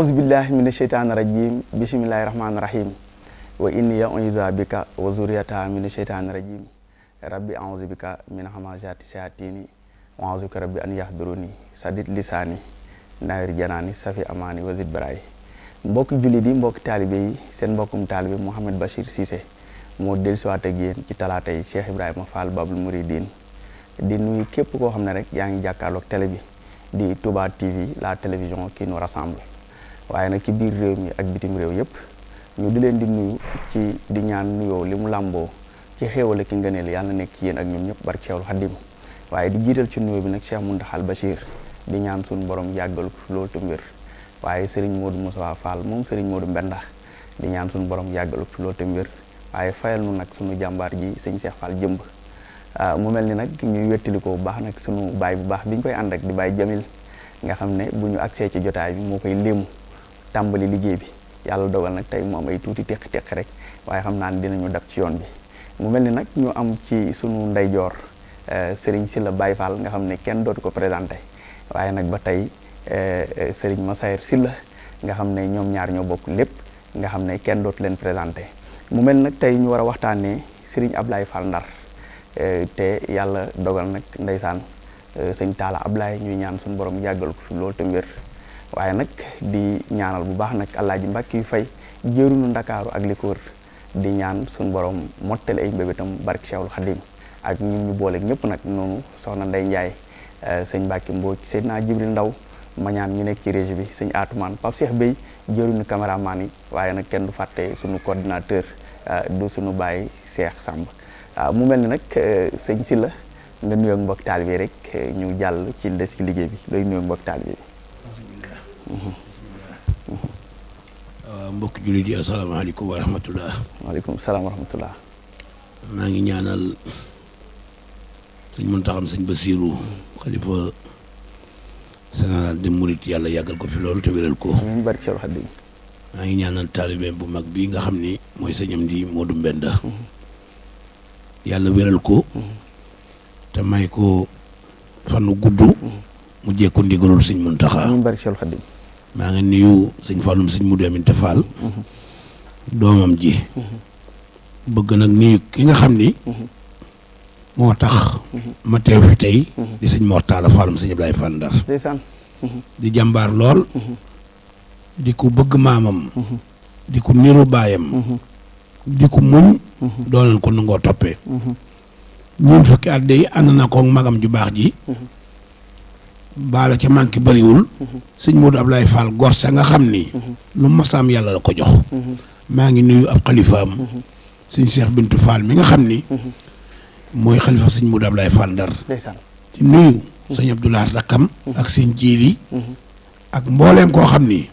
aousubillahi mina sheytaani rajim bisimilahi rahmaani rahim wa inni u'iizuha bika wa zurriyataha mina sheytaani rajim rabbi aousu bika min hamazaati shayaatini wa aousu rabbi an yahduruni sadid lisaani nawir safi amaani wa zid baraay mbokki jullit yi mbokki taalibe yi seen mbokkum taalibe Mouhamed Bachir Cissé moo dellusiwaat ak yéen ci talaata yi Cheikh Babul Mouridine di nuyu képp koo xam ne rek yaa ngi jàkkaarloog télé bi di Touba TV la télévision qui nous rassemble waaye nag ci biir réew mi ak bitim réew yëpp ñu di leen di nuyu ci di ñaan nuyoo li mu làmboo ci ki nga ngëneel yàlla nekk ci yéen ak ñoom ñëpp barke Seexul Xaddim waaye di jiital ci nuyoo bi nag Cheikh Muntaxal Bachir di ñaan suñu borom yàggal ko mbir waaye Serigne Modou Moussa Fall moom Serigne Modou Mbenda di ñaan suñu borom yàggal ko loolu waaye fayal nu nag suñu jàmbaar ji sëñ Cheikh Fall jëmb ah, mu mel ni nag ñuy wettali bu baax nag suñu baay bu baax bi ñu koy ànd ak di baay Jamil nga xam ne bu ñu agsee ci jotaay bi moo koy léemu tàmbali liggéey bi yàlla dogal nag tey mu am ay tuuti téq téq rek waaye xam naa ne dinañu dab ci yoon bi mu mel ni nag ñu am ci sunu ndeyjoor eh, sëriñ si la Baye Fall nga xam ne kenn dootu ko présenté waaye nag ba tey eh, eh, Serigne Massahir Sylla nga xam ne ñoom ñaar bokk lépp nga xam ne kenn dootu leen présenté mu mel ni nag tey ñu war a waxtaanee Serigne Ablaye Fall Ndar te yàlla dogal nag ndeysaan sëñ ab laay ñuy ñaan suñu borom yàggal ko fi loolu te wér waaye nag di ñaanal bu baax nag Alaaji Mbàkke yu fay jëruñu ndakaaru ak li ko wër di ñaan suñu borom mottali ay mbébétam barke Cheikhul Khadim ak ñun ñu boole ñëpp nag noonu soxna Ndey Njaay eh, sëñ Mbàkke Mbooj Seydina Jibril Ndaw ma ñu nekk ci régie bi sëñ Atumaan Pape Cheikh Bey jëruñu caméraman yi waaye nag kenn du fàtte suñu coordinateur eh, du suñu bàyyi Cheikh Samb waaw ah, mu mel ni nag eh, sëñ Silla nga nuyoo ak mbokk taalibe rek ñu jàll ci des ci liggéey bi looy nuyoo ak mbokk taalibe bi mbokk jullit yi asalaamaaleykum wa rahmatullah waaleykum salaam wa rahmatullah maa ngi ñaanal sëñ Muntaxa sëñ Basiru xalifa général de Murit yàlla yàggal ko fi loolu te wéral ko amiin barke Seexul Xadiim maa ngi ñaanal bu mag nga xam ni mooy sëñam di Modou Mbenda yàlla wéral ko te may ko fanu gudd mu jekku ndigalul sëñ Muntaxa amiin maa ngi nuyu sëñ Falloum sëñ Modou Aminta Fall doomam ji bëgg nag nuyu ki nga xam ni moo tax ma teew fi tey di sëñ Mortala Falloum sëñ Ablaye Fall Ndar di jàmbaar lool di ko bëgg maamam di ko niru baayam di ko muñ dooleel ko nangoo toppee ñun fukki at day ànd na ko magam ju baax ji baala ci manki wul mhm. seigne Modou Ablaye Fall gor sa nga xamni mhm. lu masam yalla la ko jox mhm. ma ngi nuyu ab am seigne Cheikh Bintu Fall mi nga xamni moy khalifa seigne Modou Ablaye Fall dar ci nuyu seigne Abdoulaye rakam ak seigne djili ak mbolen ko xamni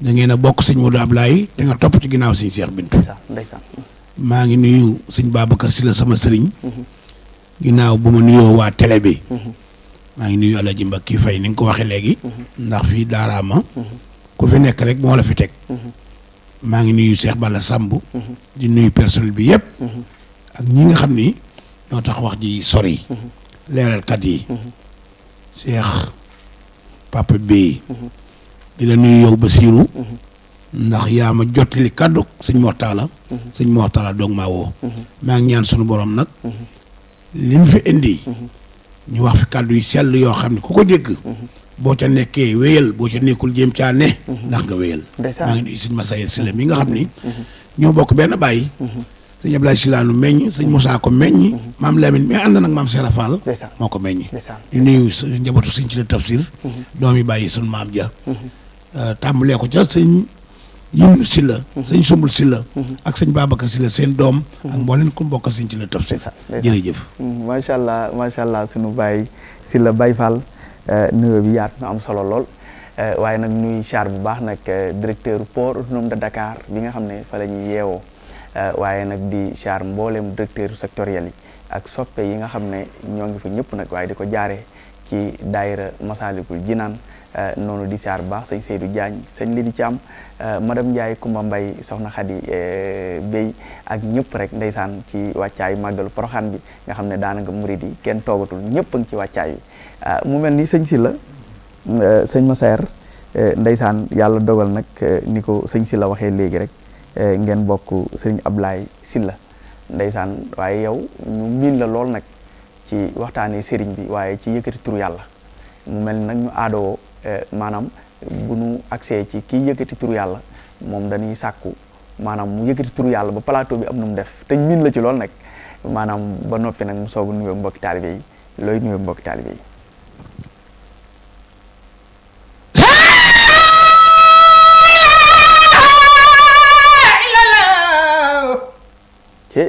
da ngay na bok seigne Modou Ablaye da nga top ci ginaaw seigne Cheikh Bintu ma ngi nuyu seigne Babacar sila la sama sëriñ ginaaw bu ma wa waa télé bi maa ngi nuyu Alaaji Mbakki Fay ni nga ko waxee léegi. Mhm. ndax fii daaraama. Mhm. ku fi nekk rek moo la fi teg. Mhm. maa ngi nuyu seex bala Samb. di nuyu personnel bi yëpp. ak ñi nga xam ni ñoo tax wax di sori. leeralkat yi. Cheikh Papa Bey. di la nuyu yow Basiiru ndax yaa ma jottali kàddu sëñ Mortala. sëñ Mortala doog maa woo. maa ngi ñaan sunu borom nag. li mu fi indi. ñu wax fi kàddu yu sell yoo xam ne ku ko dégg boo ca nekkee wéyal boo ca nekkul jéem caa ne ndax nga wéyal maa ngi nuyu sëñ Massaye Sylla mi nga xam ni ñoo bokk benn bàyyi sëñ Abdoulaye Sylla nu meññ sëñ Moussa ko meññ maam Lamine mais ànd na nag maam Serap Fall moo ko meññ di nuyu njabootu sëñ ci la tafsir mhm. doom yi bàyyi suñ maam ja euh, tàmbalee ko ca sëñ lim si la sëñ sumbul si la mhm. ak sëñ Babacar si la seen doom ak mhm. mbooleen ku mbokk sëñ ci la taf si jërëjëf mhm. macha allah macha allah suñu bàyyi si la Baye Fall euh, nuyoo bi am solo lool euh, waaye nag nuy char bu baax nag euh, directeur port autonome de Dakar bi nga xam ne fa la ñuy yeewoo waaye nag di char mbooleem directeur sectoriel yi ak soppe yi nga xam ne ñoo ngi fa ñëpp nag waaye di ko jaare ci daayira Masaalikul Jinaan Eh, noonu di siyaar bu baax sëñ du Diagne sëñ Lidi Thiam eh, madame Ndiaye Kumba Mbay soxna Xadi eh, Bey ak ñëpp rek ndeysaan ci wàccaay màggalu Poroxaan bi nga xam ne daanaka murid di kenn toogatul ñëpp a ci wàccaay bi mu mel ni sëñ Sylla sëñ Massaer ndeysaan yàlla dogal nag ni ko sëñ si la waxee léegi rek ngeen bokk sëñ Ablaye la ndeysaan waaye yow ñu miin la lool nag ci waxtaanee sëriñ bi waaye ci yëkkati turu yàlla mu mel nag ñu aadoo Eh, maanaam bu nu accès ci kii yëkkati turu yàlla moom dañuy sàkku maanaam mu yëkkati turu yàlla ba plateau bi am nu def te miin la ci lool nag maanaam ba noppi nag mu soog a nuyoo mbokki taalibe yi looy nuyoo mbokki taalibe yi. ci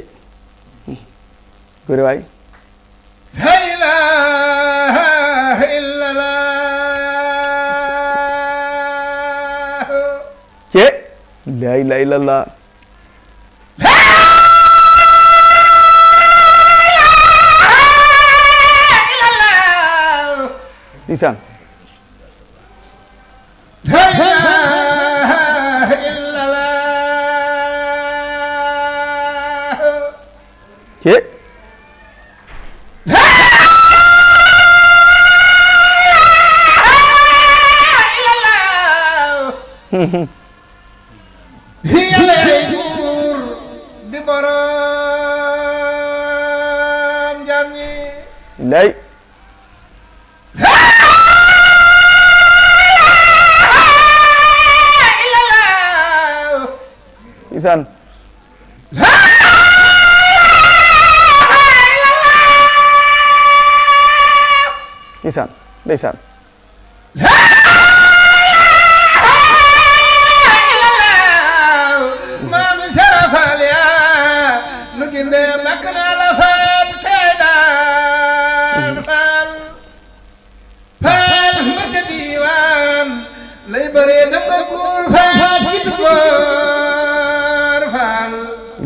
góor La ilaha illallah. Lisan. Cik. Hmm. lay isaan isaan ndeysaan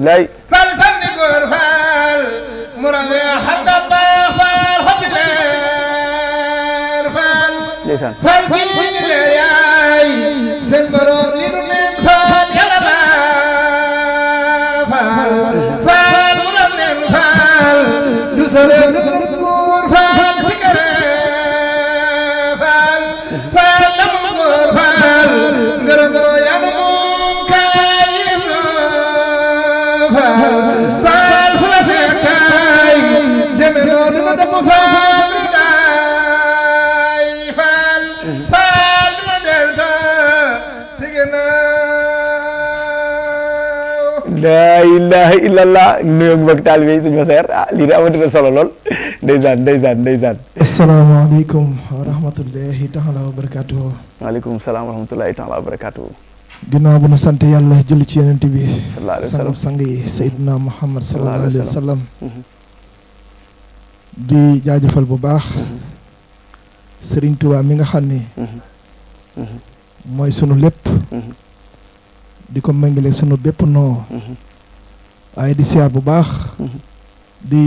billaay fal sant góor faal mu rame xam nga baa faal xoti leer faal ndeysaan laa ilaha illallah nuyoo mbokk taalibe yi suñu ma seer ah, lii de amati na solo lool ndeysaan ndeysaan ndeysaan. asalaamaaleykum wa rahmatullahi taala wa barakaatuhu. waaleykum salaam wa rahmatullahi taala wa barakaatuhu. ginnaaw bu nu sant yàlla julli ci yeneen bi. sallallahu alayhi wa sallam sang Muhammad sallallahu alayhi bu baax. Serigne Touba mi nga xam ni. Mm-hmm. Mm-hmm. mooy sunu lépp. Mm-hmm. di ko méngale sunu bépp noo mhm. ay di siar bu baax mhm. di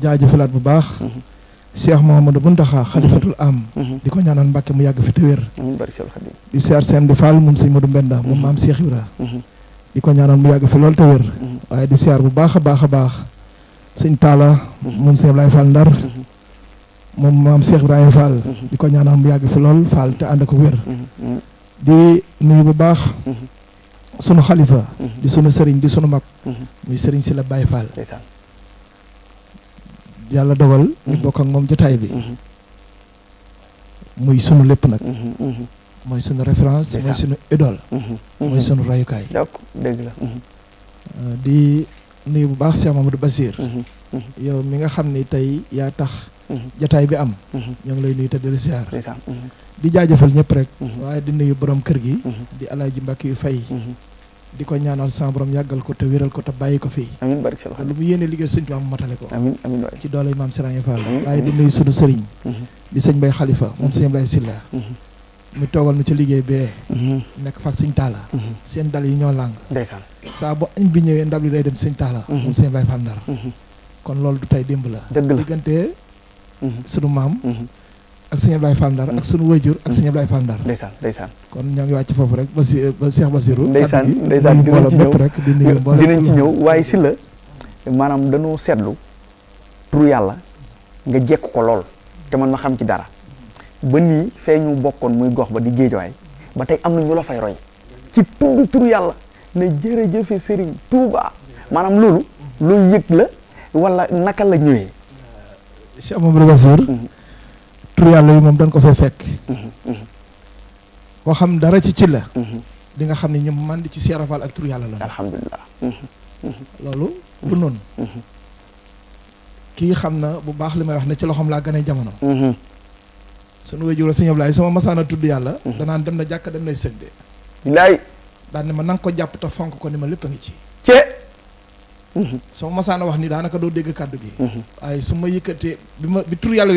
jaajëfalaat bu baax mhm. Cheikh bu Mountakha khalifatul am di ko ñaanal Mbàkke mu yag fi te wér di siar sem di fal mum seigne Modou benda mum mam Cheikh di ko ñaanal mu yag fi lol te wer ay di siar bu baax a baax a baax sëñ Talla moom sëñ Ablaye fal Ndar mum mam Cheikh ibrahim fal di ko ñaanal mu yag fi lol fal te ànd ak di nuyu bu baax sunu Khalifa, mhm. di sunu sering, di sunu mak, mhm. muy serigne sila la Baye Fall yàlla dogal ni mom ak mom jotaay bi mhm. muy sunu lepp nak moy sunu reference moy sunu idole moy sunu dok deug la euh, di nuyu bu baax Cheikh Mamadou Basir yow mi nga yatah, tay ya tax jotaay bi am ñu ngi lay nuyu te di ziar siyaar di jaajëfal ñëpp rek waye di nuyu borom kër gi di alaaji Mbàkke yu fay di ko ñaanal sama borom yàggal ko te wéral ko te bàyyi ko fi amiin barke si lu mu yéene liggéey sëñ Tuubaa ko amiin amiin ci doole maam Sëriñ Fall waaye di nuyu sunu sëriñ mhm. moom sëñ Bay Silla mhm. mu toogal na ci liggéey bee mhm. nekk fa sëñ Taala seen dal yi ñoo làng ndeysaan saa bu añ bi ñëwee ndab li day dem sëñ Taala moom sëñ Bay Fall Ndar kon loolu du tey démb la diggante sunu maam ak sëñ Ablaye Fall Ndar ak sunu wayjur ak sëñ Ablaye Fall Ndar ndeysaan ndeysaan kon ñoo ngi wàcc foofu rek ba si ba Cheikh Basirou ndeysaan ndeysaan dinañ ci ñëw rek di nuyu waaye si la maanaam dañoo seetlu turu yàlla nga jekk ko lool te man ma xam ci dara ba nii feeñu ñu bokkoon muy gox ba di géejawaay ba tey am na ñu la fay roy ci tudd turu yàlla ne jërëjëfe Serigne Touba maanaam loolu looy yëg la wala naka la ñëwee Cheikh tur yàlla yi moom dañ ko fay fekk mm-hmm. koo xam dara ci ci la mm-hmm. di nga xam ne ñu man di ci seerafal ak tur yàlla la alhamdulilah mm-hmm. loolu bu noonu kii xam na bu baax li may wax ne ci loxoom laa gane jamono sunu wéjur sëñ Ablaye su ma masaana tudd yàlla danaan dem na jàkk dem nay sëgde bilaay daan ne ma nanga ko jàpp te fonk ko ni ma lépp ngi ci sama wax ni daanaka doo dégg kàddu gi waaye su ma yëkkatee bi ma bi tur yàlla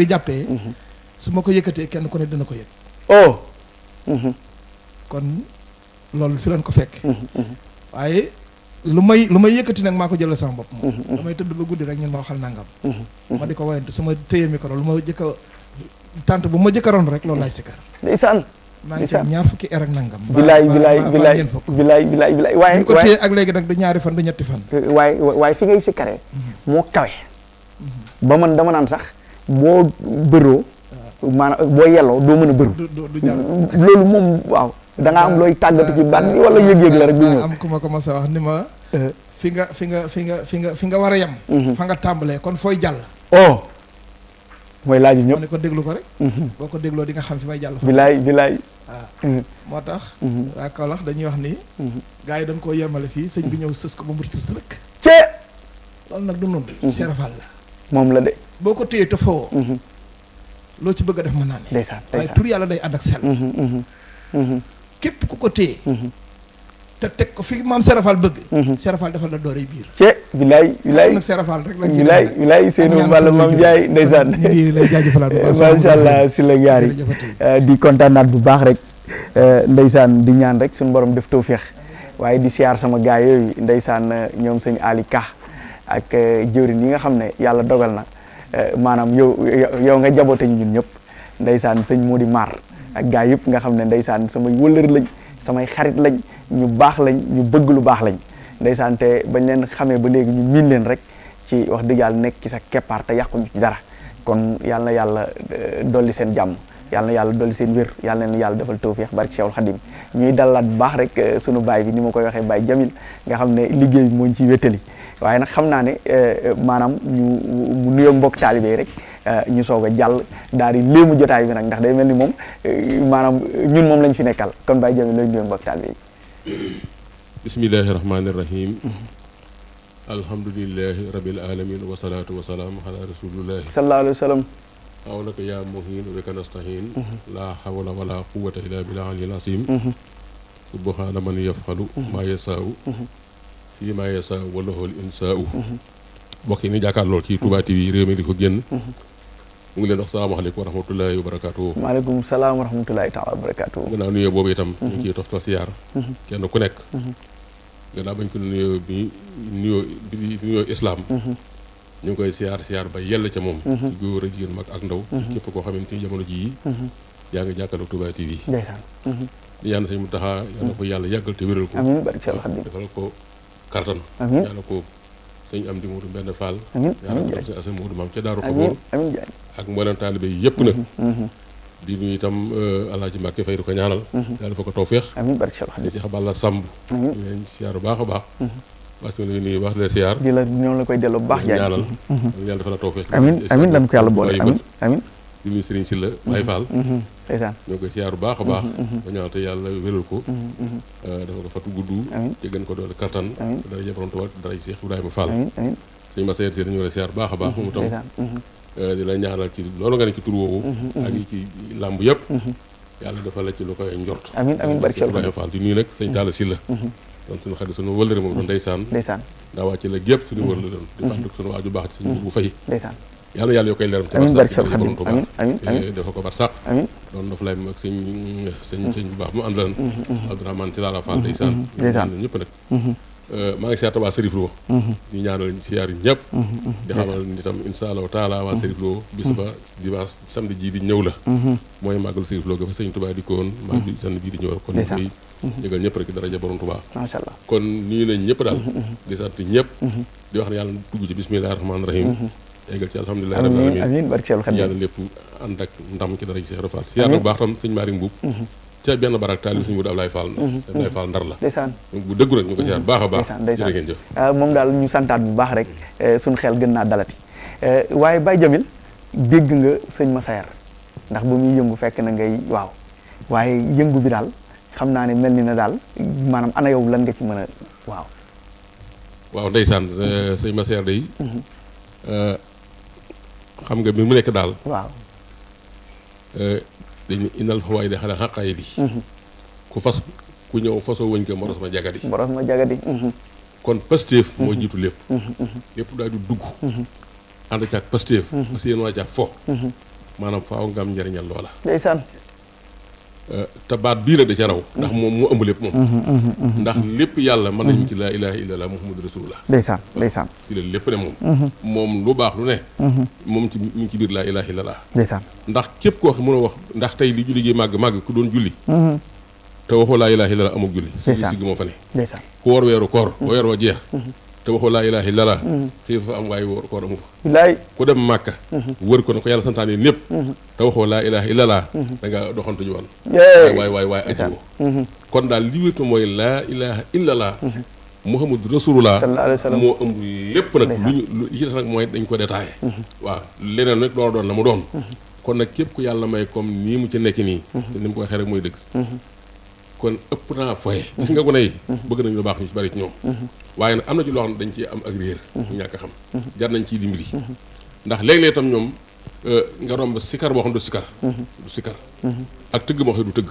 suma ko yëkëté kenn ku ne dina ko yëk oh mhm. kon loolu fi lan ko fekk mhm, mhm. waaye lu may lu may yëkëti nag maa ko jëlal sama bopp moom damay tëdd ba guddi rek ñun ma waxal nangam ma di ko wayante sama téye micro lu ma jëkka tante bu ma jëkkaroon rek loolu laay sikkar ndeysaan maa ngi ñaar fukki er ak nangam bilaay bilaay bilaay bilaay bilaay bilaay waaye ko téye ak léegi nag du ñaari fan du ñetti fan eh, waaye waaye fi ngay sikkaree moo kawe ba man dama naan sax boo bëroo maanaam boo yelloo doo mën a bëru loolu moom waaw da ngaa am looy tàggatu ci baat bi wala yëg-yëg la rek du ñëw am ku ma commencé wax ni ma eh. fi nga fi nga fi nga fi nga fi nga war a yem mhm. fa nga tàmbalee kon fooy jàll oh mooy laaju ñëpp ne ko déglu ko rek mhm. boo ko dégloo di nga xam fi may jàll bilaay bilaay waaw ah. mhm. moo tax waa Kaolack dañuy wax ni gars yi dañ koo yemale fii sëñ bi ñëw sës ko ba mu sës rek cee loolu nag du noonu Cheikh Fall la moom la de boo ko téye te foo loo ci bëgg a def ma naa ne. ndeysaan ndeysaan yàlla day ànd ak sel. Mhm, mhm, mhm. képp ku ko teg ko fi maam Serafal bëgg. Serafal defal la dooree biir. cee bilaay la ñu. bilaay bilaay Seynou Mballa maam Ndiaye ndeysaan. ñu ngi lay jaajëfalaat bu baax macha allah si la euh, di kontaanaat bu baax rek euh, ndeysaan di ñaan rek suñu borom def tawféex waaye di siyaar sama gaa yooyu ndeysaan euh, ñoom sëñ Ali ak jëwrin yi nga xam ne yàlla dogal na. Eh, maanaam yow yow nga jaboote ñu ñun ñëpp ndeysaan sëñ moo di maar ak gaa yëpp nga xam ne ndeysaan samay wëllër lañ samay xarit lañ ñu baax lañ ñu bëgg lu baax lañ ndeysaan te bañ leen xamee ba léegi ñu miin leen rek ci wax dëgg yàlla nekk ci sa keppaar te yàquñu ci dara kon yàlla yàlla eh, dolli seen jàmm yàlla na yàlla dolli seen wér yàlla na yàlla defal tawfeex barke Cheikhul Khadim ñuy dalaat bu baax rek eh, sunu baay bi ni ma koy waxee baay Jamil nga xam ne liggéey bi ciy wéttali waaye nag xam naa ne eh, eh, maanaam ñu mu nuyoo mbokk taalibe rek eh, ñu soog a jàll daal di léemu jotaay bi nag ndax day mel ni moom maanaam ñun moom lañ fi nekkal kon bàyyi jami looy nuyoo mbokk taalibe yi bismillahi rahmaani rahim alhamdulilahi rabil alamin wasalaatu wasalaam ala rasulillahi sallallahu alayhi wa sallam yaa muhin weka nastahin mhm. laa xawla wala quwata illa billahi al azim mhm. subhaana man yafxalu maa mhm. yasaawu fii maa yasa wala xool insa u mbokk yi ñu jàkkaar lool ci Touba TV réew mi di ko génn mu ngi leen wax salaamaaleykum wa rahmatullahi wa barakatuh waaleykum salaam wa rahmatullahi taala wa barakatuh gannaaw nuyoo boobu itam ñu ngi ciy toftal siyaar kenn ku nekk gannaaw ko nuyoo bi nuyoo bi nuyoo islam ñu ngi koy siyaar siyaar ba yell ca moom mhm. ci góor a jigéen mag ak ndaw mhm. képp koo xamante ni jamono ji mhm. yaa ngi jàkkaarloo Touba TV ndeysaan di ñaan sëñ Mountakha yàlla yàggal te wéral ko karton carton yàlla ko seigne amdi mourou ben benn Fall yàlla ko sëñ Assane Modou maam ca Daaru Xaboor ak mboolem taalibe yi yëpp di nuyu tam euh, alaaji Mbàkke Fay du ko ñaanal yàlla fa ko tawféex amiin barke ci xaballa sàmb di leen siyaar bu baax a baax parce que ñu baax wax le siyaar di la ñoo la koy delo bu baax jaay ñaanal yàlla dafa la tawfiq amin amin lam ko yalla bolé amin amin di nuyu serigne Silla may Fall ndeysaan ñoo koy siyaaru baax a baax mm-hmm, mm-hmm. ba ñaante yàlla wéral ko mm-hmm, euh, dafa ko fatu gudd te gën ko doole kattan dara jëpparoon tubaab dara Cheikh Ibrahima Fall suñu ma seet a siyaar baax a baax moom tam euh, la ñaanal ci loolu nga ne ci tur woowu ak yi ci làmb yëpp yàlla dafa la ci lu koy njort amiin amiin barke Cheikh Ibrahima Fall di nuyu nag sëñ Talla Sylla donc suñu xarit suñu wëllëre doon ndeysaan ndeysaan daa wàcc la gépp suñu wëllëre doon di fàttali suñu waaju baax bu fay yàlla yàlla yokoy leeram amiin Amin. Seex Xaadim Amin. Amin. Amin. dafa ko barsax Amin. doon dafa lay ak sëñ sëñ sëñ bu baax mu àndalan Abdourahmane ci laala Fall ndeysaan ndeysaan ñëpp nag maa ngi siyaata waa Serif Lo ñu ñaanal siyaar yi ñëpp di xamal ni tam mm-hmm, insha allahu taala waa Serif Lo bis ba dimanche samedi jii di ñëw la mooy màggal Serif Lo ga fa sëñ Tuubaa di ko woon maa bi mm-hmm. samedi jii di ñëw la kon ñu yëgal ñëpp rek daraja borom Tuubaa macha kon nuyu nañ ñëpp daal di sant ñëpp di wax ne dugg ci bismillahi rahmaani rahim mm-hmm. eggal ci alhamdulilah rabbil alamin amiin barke Seexul Xadiim yàlla lépp ànd ak ndam ci dara ci Seex Faal siyaar bu baax tam sëñ Maari Mbuub mhm. ca benn barak taal bi suñu wut la ndeysaan bu dëggu rek ñu ko baax ah, moom daal ñu santaat bu baax rek eh, suñ xel gën naa dalati eh, waaye Baye Jamil dégg nga sëñ Massaer ndax ba muy yëngu fekk na ngay waaw waaye yëngu bi daal xam naa ne mel ni na daal maanaam ana yow lan nga ci mën a waaw waaw ndeysaan eh, sëñ Massaer day mhm. xam nga bi mu nekk daal. waaw. Euh, dañu inal xawaay de xanaa xaqaay di. Mhm. ku fas ku ñëw fasoo wëñ ko moros ma jagadi. moros ma jagadi. Mhm. kon Pastef. moo mhm. jiitu lépp. lépp daal di dugg. ànd caag Pastef. parce que yéen waa caag fo. maanaam faaw nga njariñal loola. Euh, te baat bii la da ca raw ndax moom moo ëmb lépp moom mhm, mhm, mhm, ndax lépp yàlla mën nañu ci laa ilaha illallah muhammadu rasulullah ndeysaan ndeysaan ci la lépp ne moom moom lu baax lu ne moom ci mi ngi ci biir laa ilaha illallah ndeysaan ndax képp koo xam mën a wax ndax tey li julli gi màgg màgg ku doon julli te waxoo laa ilaha illallah amul julli suñu sigg moo fa ku war weeru koor weer wa jeex te waxoo laa ilaaha illallaah xiif mm. fa am waaye wóor ku dem màkka mm-hmm. wër ko na ko yàlla santaane lépp mm-hmm. te waxoo laa ilaaha illallaah mm-hmm. da nga doxantu ñu woon waay waay waay aji woo kon daal li wétu mooy laa ilaaha illallaah Muhammadu moo ëmb lépp nag lu ñu nag mooy dañ ko détaillé waaw leneen nag a doon la mu doon kon nag képp ku yàlla may comme nii mu ci nekk nii te ni mu ko waxee mooy dëgg kon ëpp naa foye gis nga gone yi bëgg nañu lu baax ñu ci bari ci ñoom waaye am na ci loo xam ne dañ ci am ak réer ñàkk xam jar nañ ciy dimbali ndax léeg-léeg tam ñoom Euh, nga romb sikar boo xam du sikar du sikar ak tëgg moo xam du tëgg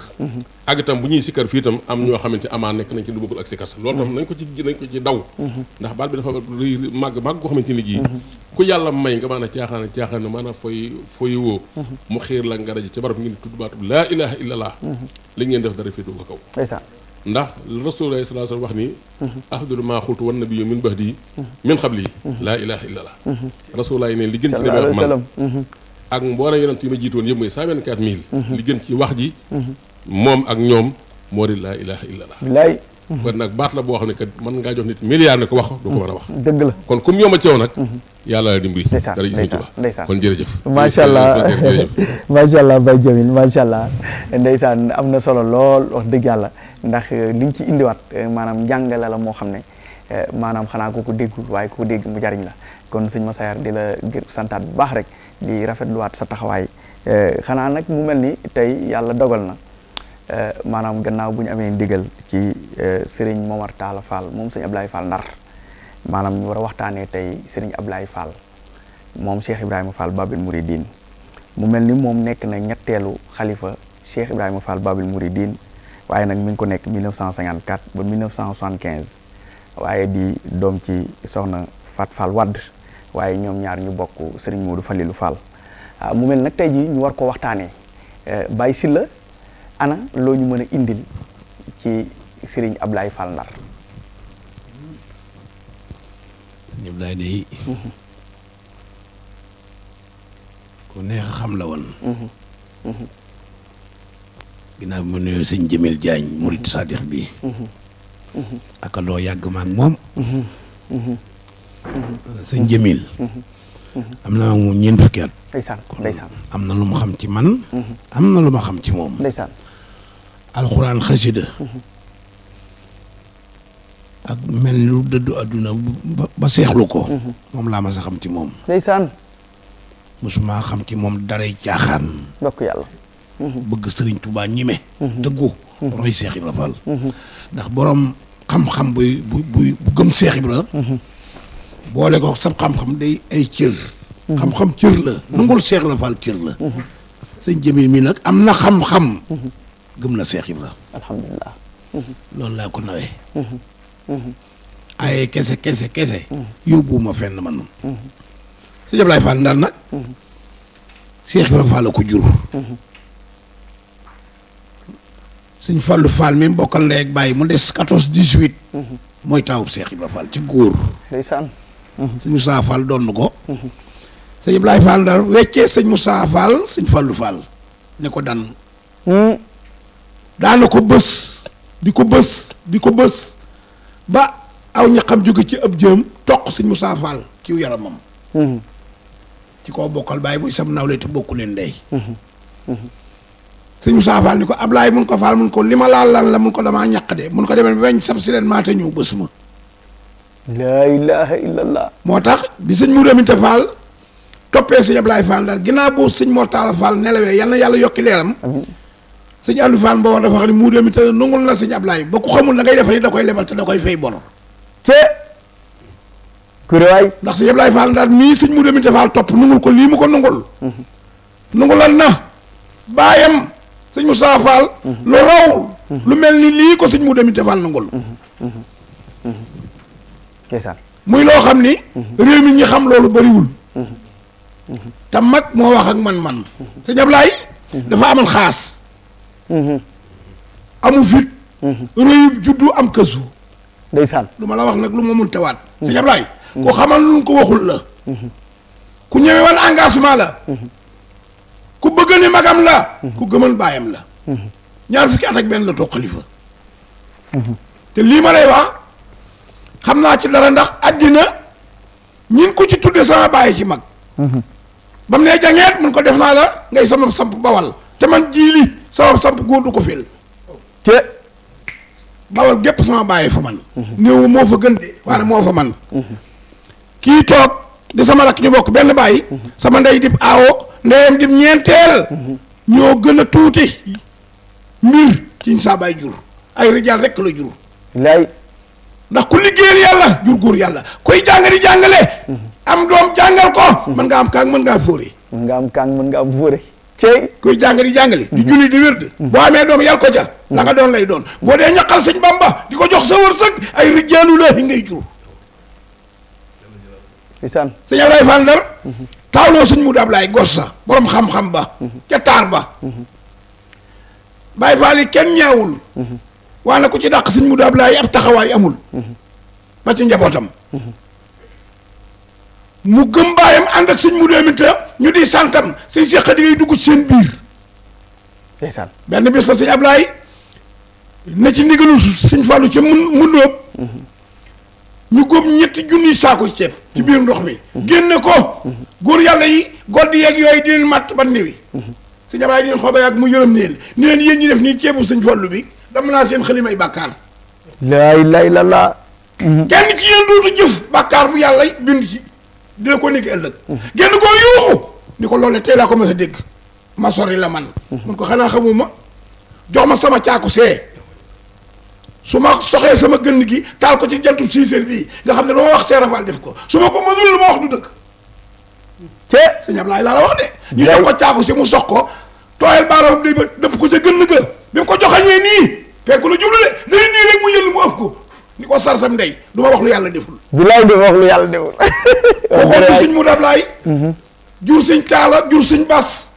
ak tam bu ñuy sikar fii tam am ñoo xamante amaa nekk nañ ci lu bëggul ak sikar loolu tam nañ ko ci nañ ko daw ndax baal bi dafa rëy màgg màgg goo xamante ni jii ku yàlla may nga maanaam caaxaan caaxaan maanaam foy foy woo mu xiir la nga rajo ci barab ngeen tudd laa ilaha illa li ngeen def dara fii du ko kaw ndax rasulullah sallallahu alayhi wax ni afdalu maa xultu wan nabiyyu min ba'di min qabli laa ilaaha illallah rasulullah ne li gën ci li may wax man mhm. ak mboolem yonent yi ma jiitoon yëpp mooy cent vingt-quatre mille mhm. li gën ci wax ji mhm. moom ak ñoom moo di laa ilaaha illallah kon nag baat la boo xam ne que mën ngaa nit milliard ne ko wax du ko mën mm-hmm. la kon comme ñoom a ceew nag yàlla la dimbali dara gis nañ ndeysaan kon jërëjëf macha allah macha allah Baye Jamil macha allah ndeysaan am na solo lool wax dëgg yàlla ndax eh, li ñu ci indiwaat eh, maanaam njàngale la moo xam ne eh, maanaam xanaa ko ko déggul waaye ko dégg mu jariñ la kon sëñ ma Massaer di la gër santaat bu baax rek di rafet rafetluwaat sa taxawaay xanaa nag mu mel ni tey yàlla dogal na Eh, maanaam gannaaw bu ñu amee ndigal ci eh, Serigne Momar Talla Fall moom sëñ Ablaye Fall Ndar maanaam ñu war a waxtaanee tey Serigne Ablaye Fall moom Cheikh Ibrahima Fall Babil Mouridine mu mel ni moom nekk na ñetteelu xalifa Cheikh Ibrahima Fall Babil Mouridine waaye nag mi ngi ko nekk 1954 ba 1975 waaye di doom ci soxna Fat Fall Wadd waaye ñoom ñaar ñu bokk Serigne Modou Falilou Fall ah, mu mel nag tey ji ñu war ko waxtaanee eh, si la ana loo ñu mën a indil ci Serigne Ablaye Fall Ndar. Serigne Ablaye neex a xam la woon. ginnaaw bi ma nuyoo sëñ Jamil Diagne murid sadix bi ak loo yàgg ma moom. sëñ Jamil. am na moom ñeent fukki at. am na lu ma xam ci man. am na lu ma xam ci moom. alxuraan xasida ak mel ni lu dëddu àdduna ba seexlu ko moom laa ma sa xam ci moom ndeysaan musuma xam ci moom daray caaxaan ndokk yàlla bëgg sëriñ Tuubaa ñime dëggu mhm. mhm. roy Seex Ibra Faal mhm. ndax boroom xam-xam buy bu buy bu gëm Seex Ibra boole ko sab xam-xam day ay cër xam-xam cër la nangul Seex Ibra Faal cër la sëñ Jamil mii nag am na xam-xam gëm na Seex Ibra alhamdulilah loolu laa ko nawee mhm. mhm. ay kese kese kese mhm. ma fenn man moom sëñ Ablaye Fall ndar nag Seex Ibra Fall ko jur sëñ Fallu Fall mi bokkal ndey ak bàyyi mu des quatorze dix-huit mooy taawub Seex Ibra Fall ci góor ndeysaan sëñ Moussa Fall doon na ko sëñ ndar weccee sëñ Moussa Fall sëñ Fallu ne ko dan daana ko bës di ko bës di ko bës ba aw ñaxam jóge ci ab jëm toq si Moussa Fall ci yaramam mhm. ci koo bokkal bàyyi buy sam nawle te bokku leen ndey mhm. mhm. sëñ Moussa ni ko Ablaye mun ko Fall mun ko li ma laal lan la mun ko damaa ñàq de mun ko demee weñ sab si leen maa te bës ma laa ilaha illallah moo tax di sëñ mu ramita Fall toppee sëñ Ablaye Fall daal ginnaaw boo sëñ Mortala Fall nelawee yal na yàlla yokki leeram sëñ Aliou Fall Mbawar dafa wax ni mu doomi te nungul na sëñ Ablaye ba ku xamul na ngay defal ni da koy lebal te da koy fay bor te kuréwaay ndax sëñ Ablaye Fall daal mii sëñ mu doomi te topp nungul ko lii mu ko nungul nungulal na baayam sëñ Moussa Fall lu raw lu mel ni lii ko sëñ mu doomi te Fall nungul muy loo xam ni réew mi ñi xam loolu bariwul mhm. Mhm. te mag moo wax ak man man sëñ Ablaye mhm. dafa amal xaas amu fit mhm. rëyub juddu am kësu ndeysaan lu ma la wax nag lu ma mun tewaat mhm. sëñ Ablaye ku mhm. xamal lu ko waxul la ku ñëwee wan engagement la ku bëgg ni magam la ku gëmal baayam la ñaar fukki at ak benn la toog xalifa te lii ma lay wax xam naa ci dara ndax addina ñin ko ci tudde sama bàyyi ci mag ba mu ne jangeet mun ko def naa la ngay sama samp bawal te man jiili sama samp góor du ko fil bawal gépp sama bàyyi fa man néew mo fa gën de mo moo fa man kii toog di sama rak ñu bokk benn bàyyi sama ndey dib aawo ndeyam dib ñeenteel ñoo gën tuuti mir ci sa bàyyi jur ay rijaal rek la jur lay ndax ku liggéeyal yàlla jur góor yàlla koy jàng di jàngale am doom jàngal ko mën nga am kaang mën nga fóore nga am mën nga am cey kuy jàng di jàngale di julli di wérd boo amee doom yar ko ca la nga doon lay doon boo dee ñaqal sëñ bamba di ko jox sa wërsëg ay rijaalu laahi ngay jur isaan sëñ Ablaye Fall Ndar mu sëñ Mudu Ablaye Gorsa borom xam-xam ba ca taar ba Baye Fall yi kenn ñaawul mhm. waa na ku ci dàq sëñ Mudu Ablaye ab taxawaay amul ba ci njabootam mu gëm baayam ànd ak sëñ mu deminta ñu di santam sëñ Cheikh Khady ngay dugg ci seen biir ndeysaan benn bés la sëñ Ablaye na ci ndigalu sëñ Fallou ca mun mun lóob ñu ñetti junniy saako ceeb ci biir ndox mi génne ko góor yàlla yi godd yeeg yooyu di màtt ba niwi sëñ Ablaye di leen xooba ak mu yërëm neen ni leen yéen ñi def nii ceebu sëñ Fallou bi dem naa seen xalimay bàkkaar laa la illallaah kenn ci yéen dootu jëf bàkkaar bu yàlla bind ci dina ko nekk ëllëg. génn koo yuuxu. ni ko loolee tey laa ko mës a dégg. ma sori la man. mun ko xanaa xamuma jox ma sama caaku see. su ma soxee sama gënn gi taal ko ci jantum siiséer bii nga xam ne lu ma wax Cheikh Rafal def ko su ma ko mënul lu ma wax du dëgg. te sëñ Ablaye laa la wax de. ñu jox ko caaku si mu sox ko. tooyal baaraam day dëpp ko ca gënn ga. bi mu ko joxañee nii. fekk lu jublu de day nii rek mu yëngu mu ëf ko. ni ko sarsam ndey du wax lu yàlla deful. bilaay du ma wax lu yàlla deful. waxoon na suñ mu dab laay. jur suñ taala jur suñ bas.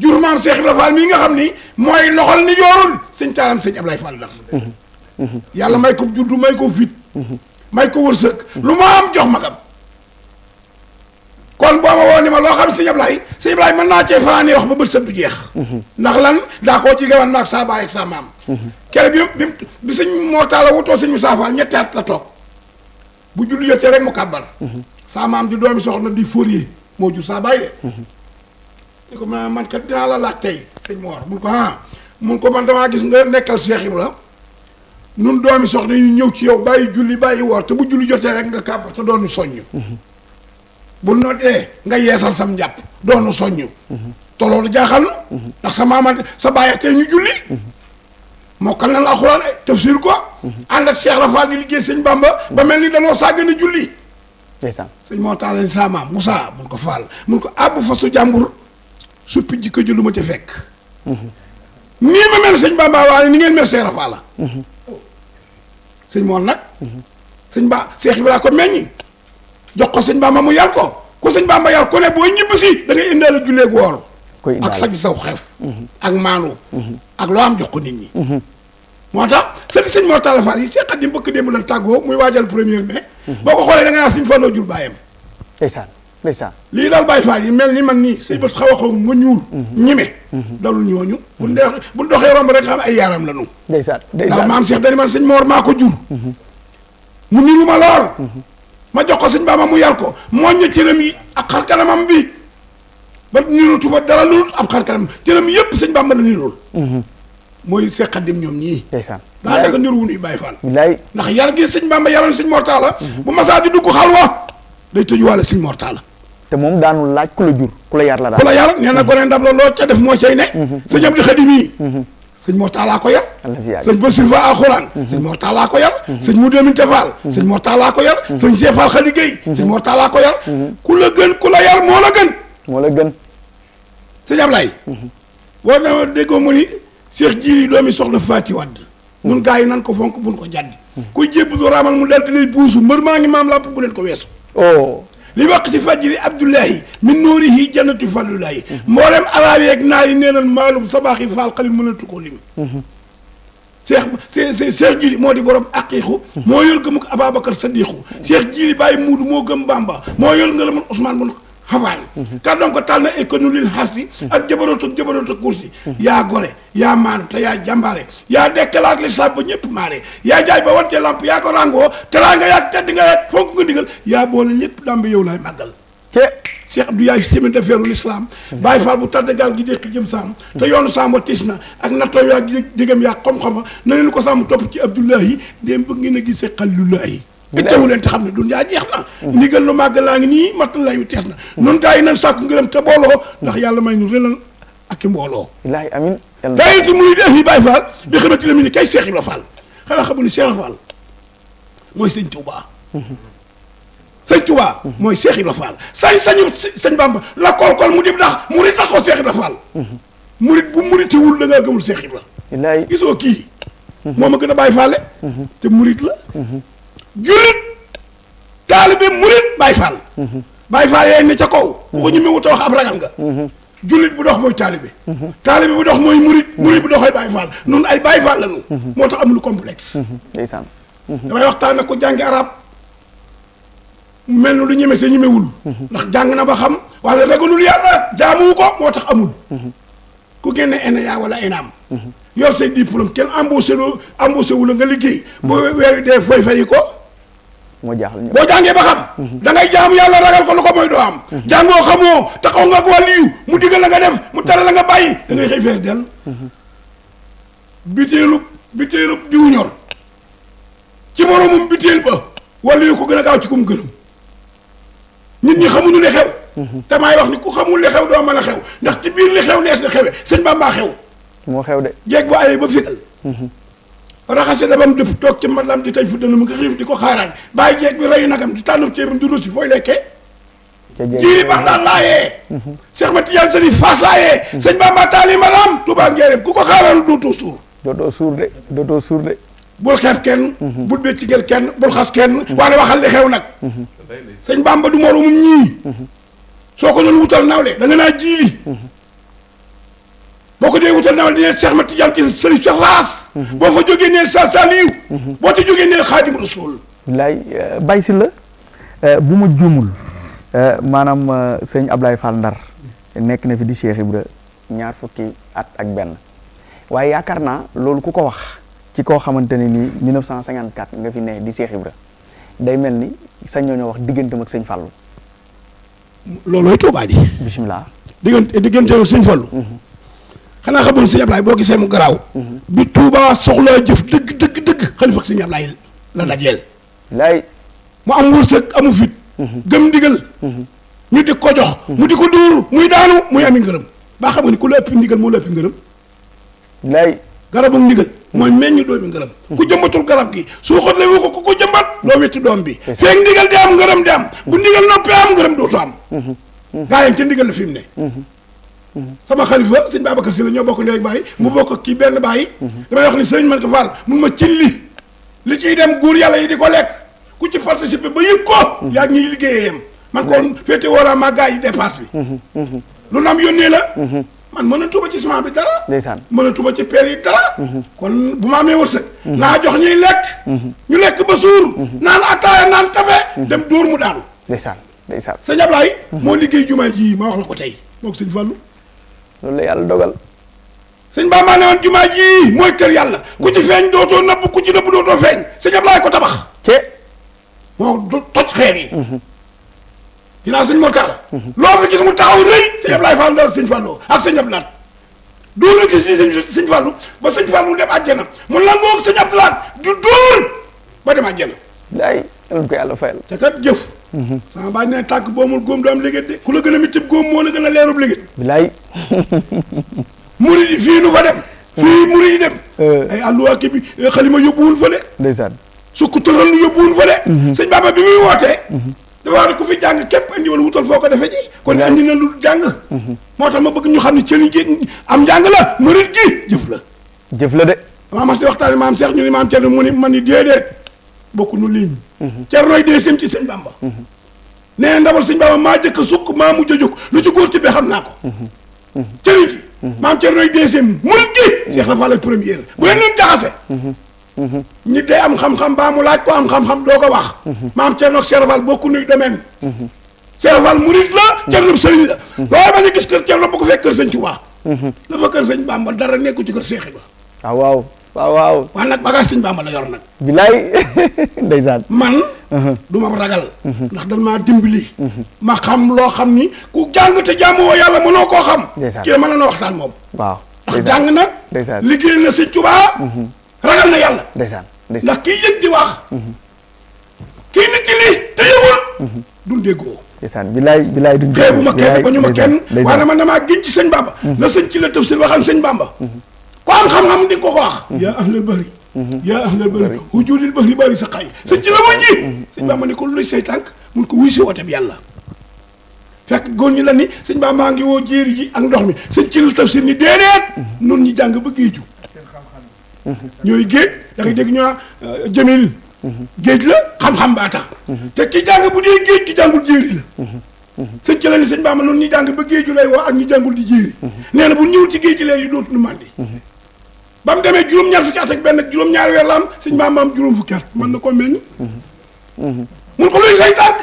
jur maam Cheikh Ibrahima Fall mii nga xam ni mooy loxol ni joorul suñ taalam suñ Ablaye Fall dara. Mhm. Mhm. yàlla may ko juddu may ko fit. Mhm. may ko wërsëg. lu maam jox magam kon bo ma woni ma lo xam seigne ablay seigne ablay man na ci fane wax ba beut sam du jeex ndax lan da ko ci gewan nak sa baye ak sa mam kere bi bi seigne mortala wuto seigne musafal ñetti at la tok bu jullu yote rek mu kabbal sa mam di doomi soxna di fourier mo ju sa baye de diko ma man kat da la la tay seigne mort mu ko ha ah. mu ko man dama gis nga nekkal cheikh ibrahim nun doomi soxna yu ñew ci yow baye julli baye wor te bu julli jotté rek nga kabbal te doonu soñu bu noddee nga yeesal sam njàpp doonu soññu te loolu jaaxal na ndax sa maama sa bàyyi ñu julli mokkal nañ alxuraan tafsir ko ànd ak Cheikh Rafaal di liggéey sëñ Bamba ba mel ni danoo sàggane julli sëñ moo tax saa sa maam Moussa mun ko faal mun ko àbb fasu jàmbur suppi jikko ji lu ma ci fekk nii ma mel sëñ Bamba waaye ni ngeen mel Cheikh Rafaal la sëñ moon nag sëñ ba Cheikh ko meññ jox ko sëñ Bamba mu yar ko ku sëñ Bamba yar ku ne boo ñibb si da ngay indaale jullee gu ak sag saw xef mhm. ak maanu mhm. ak loo am jox ko nit ñi mhm. moo tax sëñ sëñ moo talafaan yi Cheikh Khadim bëkk démb lan tàggoo muy waajal premier mai boo ko xoolee da nga naa sëñ Fallou jur bàyyam lii daal bàyyi faal yi mel ni man nii sëñ bët xaw a xaw ma ñuul ñime dalul ñooñu bu dee bu doxee romb rek xam ay yaaram la nu ndeysaan ndeysaan maam Cheikh dani man sëñ Mor mu niru ma ma jox ko sëñ baaba mu yar ko mooñ cëram yi ak xar kanamam bi ba nirutu ba dara lu ab xar kanam cëram yëpp sëñ baaba la nirul mhm. mooy Seex Xaadim ñoom ñii daa naka niru wuñuy Baay Faal ndax yar gi sëñ baaba yaroon sëñ mortaala mhm. bu masaa di dugg xalwa day tëjuwaale sëñ mortaala te moom daanul laaj ku la jur ku la yar la daal ku la yar nee na gone ndab la loo ca def moo cay ne mhm. sëñ Abdu Xaadim sëñ Mortala ko yar. sëñ Bassirou Fall alxuraan. Mm-hmm. sëñ Mortala ko yar. Mm-hmm. sëñ Moudou Minte Fall. Mm-hmm. sëñ Mortala ko yar. sëñ Cheikh Fall Khady sëñ Mortala ko yar. ku la gën ku la yar moo la gën. moo la gën. sëñ Ablaye. war na déggoo mu ni Cheikh Jili doomi soxna Faati Wadd. ñun gars yi nan ko fonk buñ ko jàdd. kuy jébbu soo raamal mu dal di lay buusu mbër maa ngi maam làpp bu leen ko weesu. Oh. لوقت فجر عبد الله من نوره جنة فضل الله مولم أرابي أكنار نير المعلوم صباح فالق من تقولين شيخ شيخ جيري مودي بروم أقيخو مو يرغمك أبا بكر صديخو شيخ جيري باي مود مو غم بامبا مو يرغم عثمان بن xawaal kàddoom ko tal na ekkanu lil xarsi ak jëbaroota jëbaroota kursi yaa gore yaa maanu te yaa jàmbaare yaa dekkalaat lislaam ba ñëpp maare yaa jaay ba wante lamp yaa ko ràngoo teraanga yaa tedd nga yaa fonk nga ndigal yaa boole ñëpp damb yow lay màggal te Cheikh Abdou yaay semaine de feeru l'islam bàyyi faal bu tàdd gaal gi dékk jëm saam te yoonu saam wa tiis na ak nattoom yaa jégam yaa xam-xama na leen ko sàmm topp ci Abdullahi dem bëgg ngeen a gisee xalilullahi ittewu leen te xam ne dunyaa jeex na ndigal lu màgg laa ngi nii mattal lay wi na nun gaa yi nan sàkku ngërëm te booloo ndax yàlla may nu relal ak i mbooloo ilaahi amin daa yiti muy def yi bàyyi faal bi xamante ne mu ni kay Seex Ibra Faal xanaa xamu ni Seex Ibra Faal mooy sëñ Tuubaa sëñ Tuubaa sañ sañu sëñ Bàmba la kool mu dib ndax murit sax ko Seex Ibra Faal murit bu muritiwul da ngaa gëmul Seex gisoo kii moom a gën a bàyyi faale mhm. te murit la mhm. julit taalibe murit Baay Faal Baay Faal yaay ne ca kaw bu ko ñu mi wuta wax ab ragal nga jullit bu dox mooy taalibe taalibe bu dox mooy murit murit bu doxee Baay Faal nun ay Baay Faal la nu moo tax amul complexe ndeysaan damay waxtaan ak ko jàngi mel na lu ñeme te ñemewul ndax jàng na ba xam waaye ragalul yàlla jaamuwu ko moo tax amul ku génne ENEA wala ENAM yor say diplôme kenn embauché loo wu la nga liggéey boo weer wi dee fay fayi ko moo jaaxal ñu boo jàngee ba xam mm-hmm. da ngay jaamu yàlla ragal ko lu ko mooy doo am mm-hmm. jàngoo xamoo taxaw nga ak wàlliyu mu digal la nga def mu tere la nga bàyyi da ngay xëy fees dell mm-hmm. bitéelu bitéelu diwu ñor ci moroomum bitéel ba wàlliyu ko gën a gaaw ci kum gërëm nit ñi xamuñu li xew te maay wax ni ku xamul li xew doo mën a xew ndax ci biir li xew lees na xewe sëñ Bamba xew moo xew de jeeg bu ayee ba figal raxase na ba mu dëpp toog ci maanaam di tey fu dënnu mu nga xiif di ko xaaraan bàyyi jeeg bi reyu nagam di tànn ceebam di ruusi fooy lekkee. ca jéeg jiiri baax daal laayee. Mhm. Cheikh Mati Yàlla sëriñ Faas laayee. Mhm. sëñ Bamba a maanaam Touba Njaareem ku ko xaaraan dootoo suur. dootoo suur de dootoo suur de. bul xeeb kenn. Mhm. bul béccigel kenn bul xas kenn. waaye waxal li xew nag. sëñ Bamba du moromum ñii. soo ko doon wutal nawle da nga naa jiili. boo ko dee wutal nawal neel Cheikh Ahmed Tidiane ci sëriñ Cheikh Laas boo ko jógee neel sa Saliou boo ci jógee neel Xaadim Rasul bilaay euh, bàyyi si la euh, bu ma juumul euh, maanaam sëñ Ablaye Fall Ndar nekk na fi di Cheikh Ibra ñaar fukki at ak benn waaye yaakaar naa loolu ku ko wax ci koo xamante ne nii 1954 nga fi ne di Cheikh Ibra day mel ni sañ ñoo wax digganteem ak sëñ Fallou loolooy Touba di bisimilah diggante digganteem ak sëñ Fallou mm-hmm. xanaa xamoon si Ablaye boo gisee mu garaaw. bi Touba soxlaa jëf dëgg dëgg dëgg xalifa ak sëñ Ablaye la dajeel. laay mu am wërsëg amu fit. gëm ndigal. ñu di ko jox. mu di ko dóor muy daanu muy am ngërëm. baa xam nga ni ku la ëpp ndigal moo la ëpp ngërëm. laay garabu ndigal. mooy meññ doomi ngërëm. ku jëmbatul garab gi su xotlee woo ko ku jëmbat doo wecc doom bi. feeg ndigal di am ngërëm di am. bu ndigal noppee am ngërëm dootu am. Mhm. gaa yam ca ndigal la fi mu ne. Mhm. sama xalifa sëñ Babacar Si la ñoo bokk ndey ak baay mu bokk ak kii benn baay damay wax ni sëñ man ko faal mun ma ci li li ciy dem góor yàlla yi di ko lekk ku ci participer ba yëg ko yaa ngi ñuy liggéeyee yam man kon féete wooraa maa gars yi dépasse bi lu nam yónnee la man mën a tuba ci ciment bi dara ndeysaan mën a tuba ci peer yi dara kon bu ma amee wërsëg naa jox ñuy lekk ñu lekk ba suur naan attaaya naan café dem dóor mu daanu ndeysaan ndeysaan sëñ Ablaye moo liggéey jumaa ji ma wax la ko tey loolu yàlla dogal sëñ Ba maa ne woon jumaa jii mooy kër yàlla ku ci feeñ dootoo nëbb ku ci nëbb dootoo feeñ sëñ Ablaay ko tabax ce moo toj xeer yi ginnaaw sëñ Mortaala loo fi gis mu taxaw rëy sëñ Ablaay Fall dal sëñ Fallu ak sëñ Ablaat dóor la gis ni sëñ sëñ ba sëñ Fallu dem àjjana mu langoog sëñ Ablaat du ba dem àjjana laay yàlla ko yàlla fayal te kat jëf sama baay ne tànk boo góom du am liggéey de ku la gën a mittib góom moo la gën a leerub liggéey bilaay murid yi fii nu ko dem fii murid yi dem euh. ay àlluwaa ki bi euh, xalima yóbbuwul fa de ndeysaan sukk fa de mhm. sëñ Baba bi muy wootee mhm. dafa wax ne ku fi jàng képp indi wala wutal foo ko defe ji kon andi na lu jàng mhm. moo tax ma bëgg ñu xam ne cëriñ ji am njàng la murid gi jëf la jëf la de maa mas di waxtaane maam Cheikh ñu ni maam Thierno mu ni man ni déedéet bokk nu ligne. Cernoy deesem ci sëñ Bamba. nee ndawal sëñ Bamba maa jëkk sukk maa mujj a jóg lu ci góor ci bi xam naa ko. cëriñ gi. maam Cernoy deesem mul gi. Cheikh Rafa la première bu leen leen jaxase. nit day am xam-xam baa mu laaj ko am xam-xam doo ko wax. maam Cerno ak Cheikh Rafa bokk nuy domaine. Cheikh Rafa murit la. Cerno sëriñ la. waaye bañ a gis kër Cerno bu ko fekk kër sëñ Tuubaa. dafa kër sëñ Bamba dara nekku ci kër Seex Ibra. Ah, waaw waaw. wax nag bagage sëñ Bamba la yor nag. bilaay ndeysaan. man. Uh-huh. du ma ragal. Uh-huh. ndax dan maa dimbali. Uh-huh. ma xam loo xam ni ku jàng te jaamoo yàlla mënoo koo xam. ndeysaan kii mën na waxtaan moom. waaw jàng nag. ndeysaan liggéey la sëñ Tuubaa. ragal na yàlla. ndeysaan ndax kii yëg di wax. kii nit ki nii te yëgul. du déggoo. ndeysaan bilaay bilaay duñ déggoo. bilaay ma kenn ba ñu ma kenn. waaye man damaa giñ ci sëñ Bamba. la ci la tëfsir waxal sëñ Bamba. ku am xam-xam di ko ko wax. yaa am la bëri. Mhm. yaa am la bëri wujulil bëri bëri sa xay sa ji la mhm. wujji. sëñ Bamba ne ko lu say tànk mun ko wuy si woote yàlla. fekk góor ñi lan ni sëñ Bamba maa ngi woo jéeri ji ak ndox mi sëñ ci lu tafsir ni déedéet. noonu mhm. ñu jàng ba géeju. ñooy géej da ngay dégg ñu ah géej la xam-xam baa tax. te ki jàng bu dee géej gi jàngul jéeri la. sëñ ci la ni sëñ noonu ñu jàng ba géeju lay wax ak ñu jàngul di jéeri. nee bu ñëwul ci géej gi léegi dootuñu màndi ba mu demee juróom-ñaar fukki benn juróom-ñaari weer la am sëñ Bamba am juróom fukki at mën na koo meññ. mun ko luy say tànk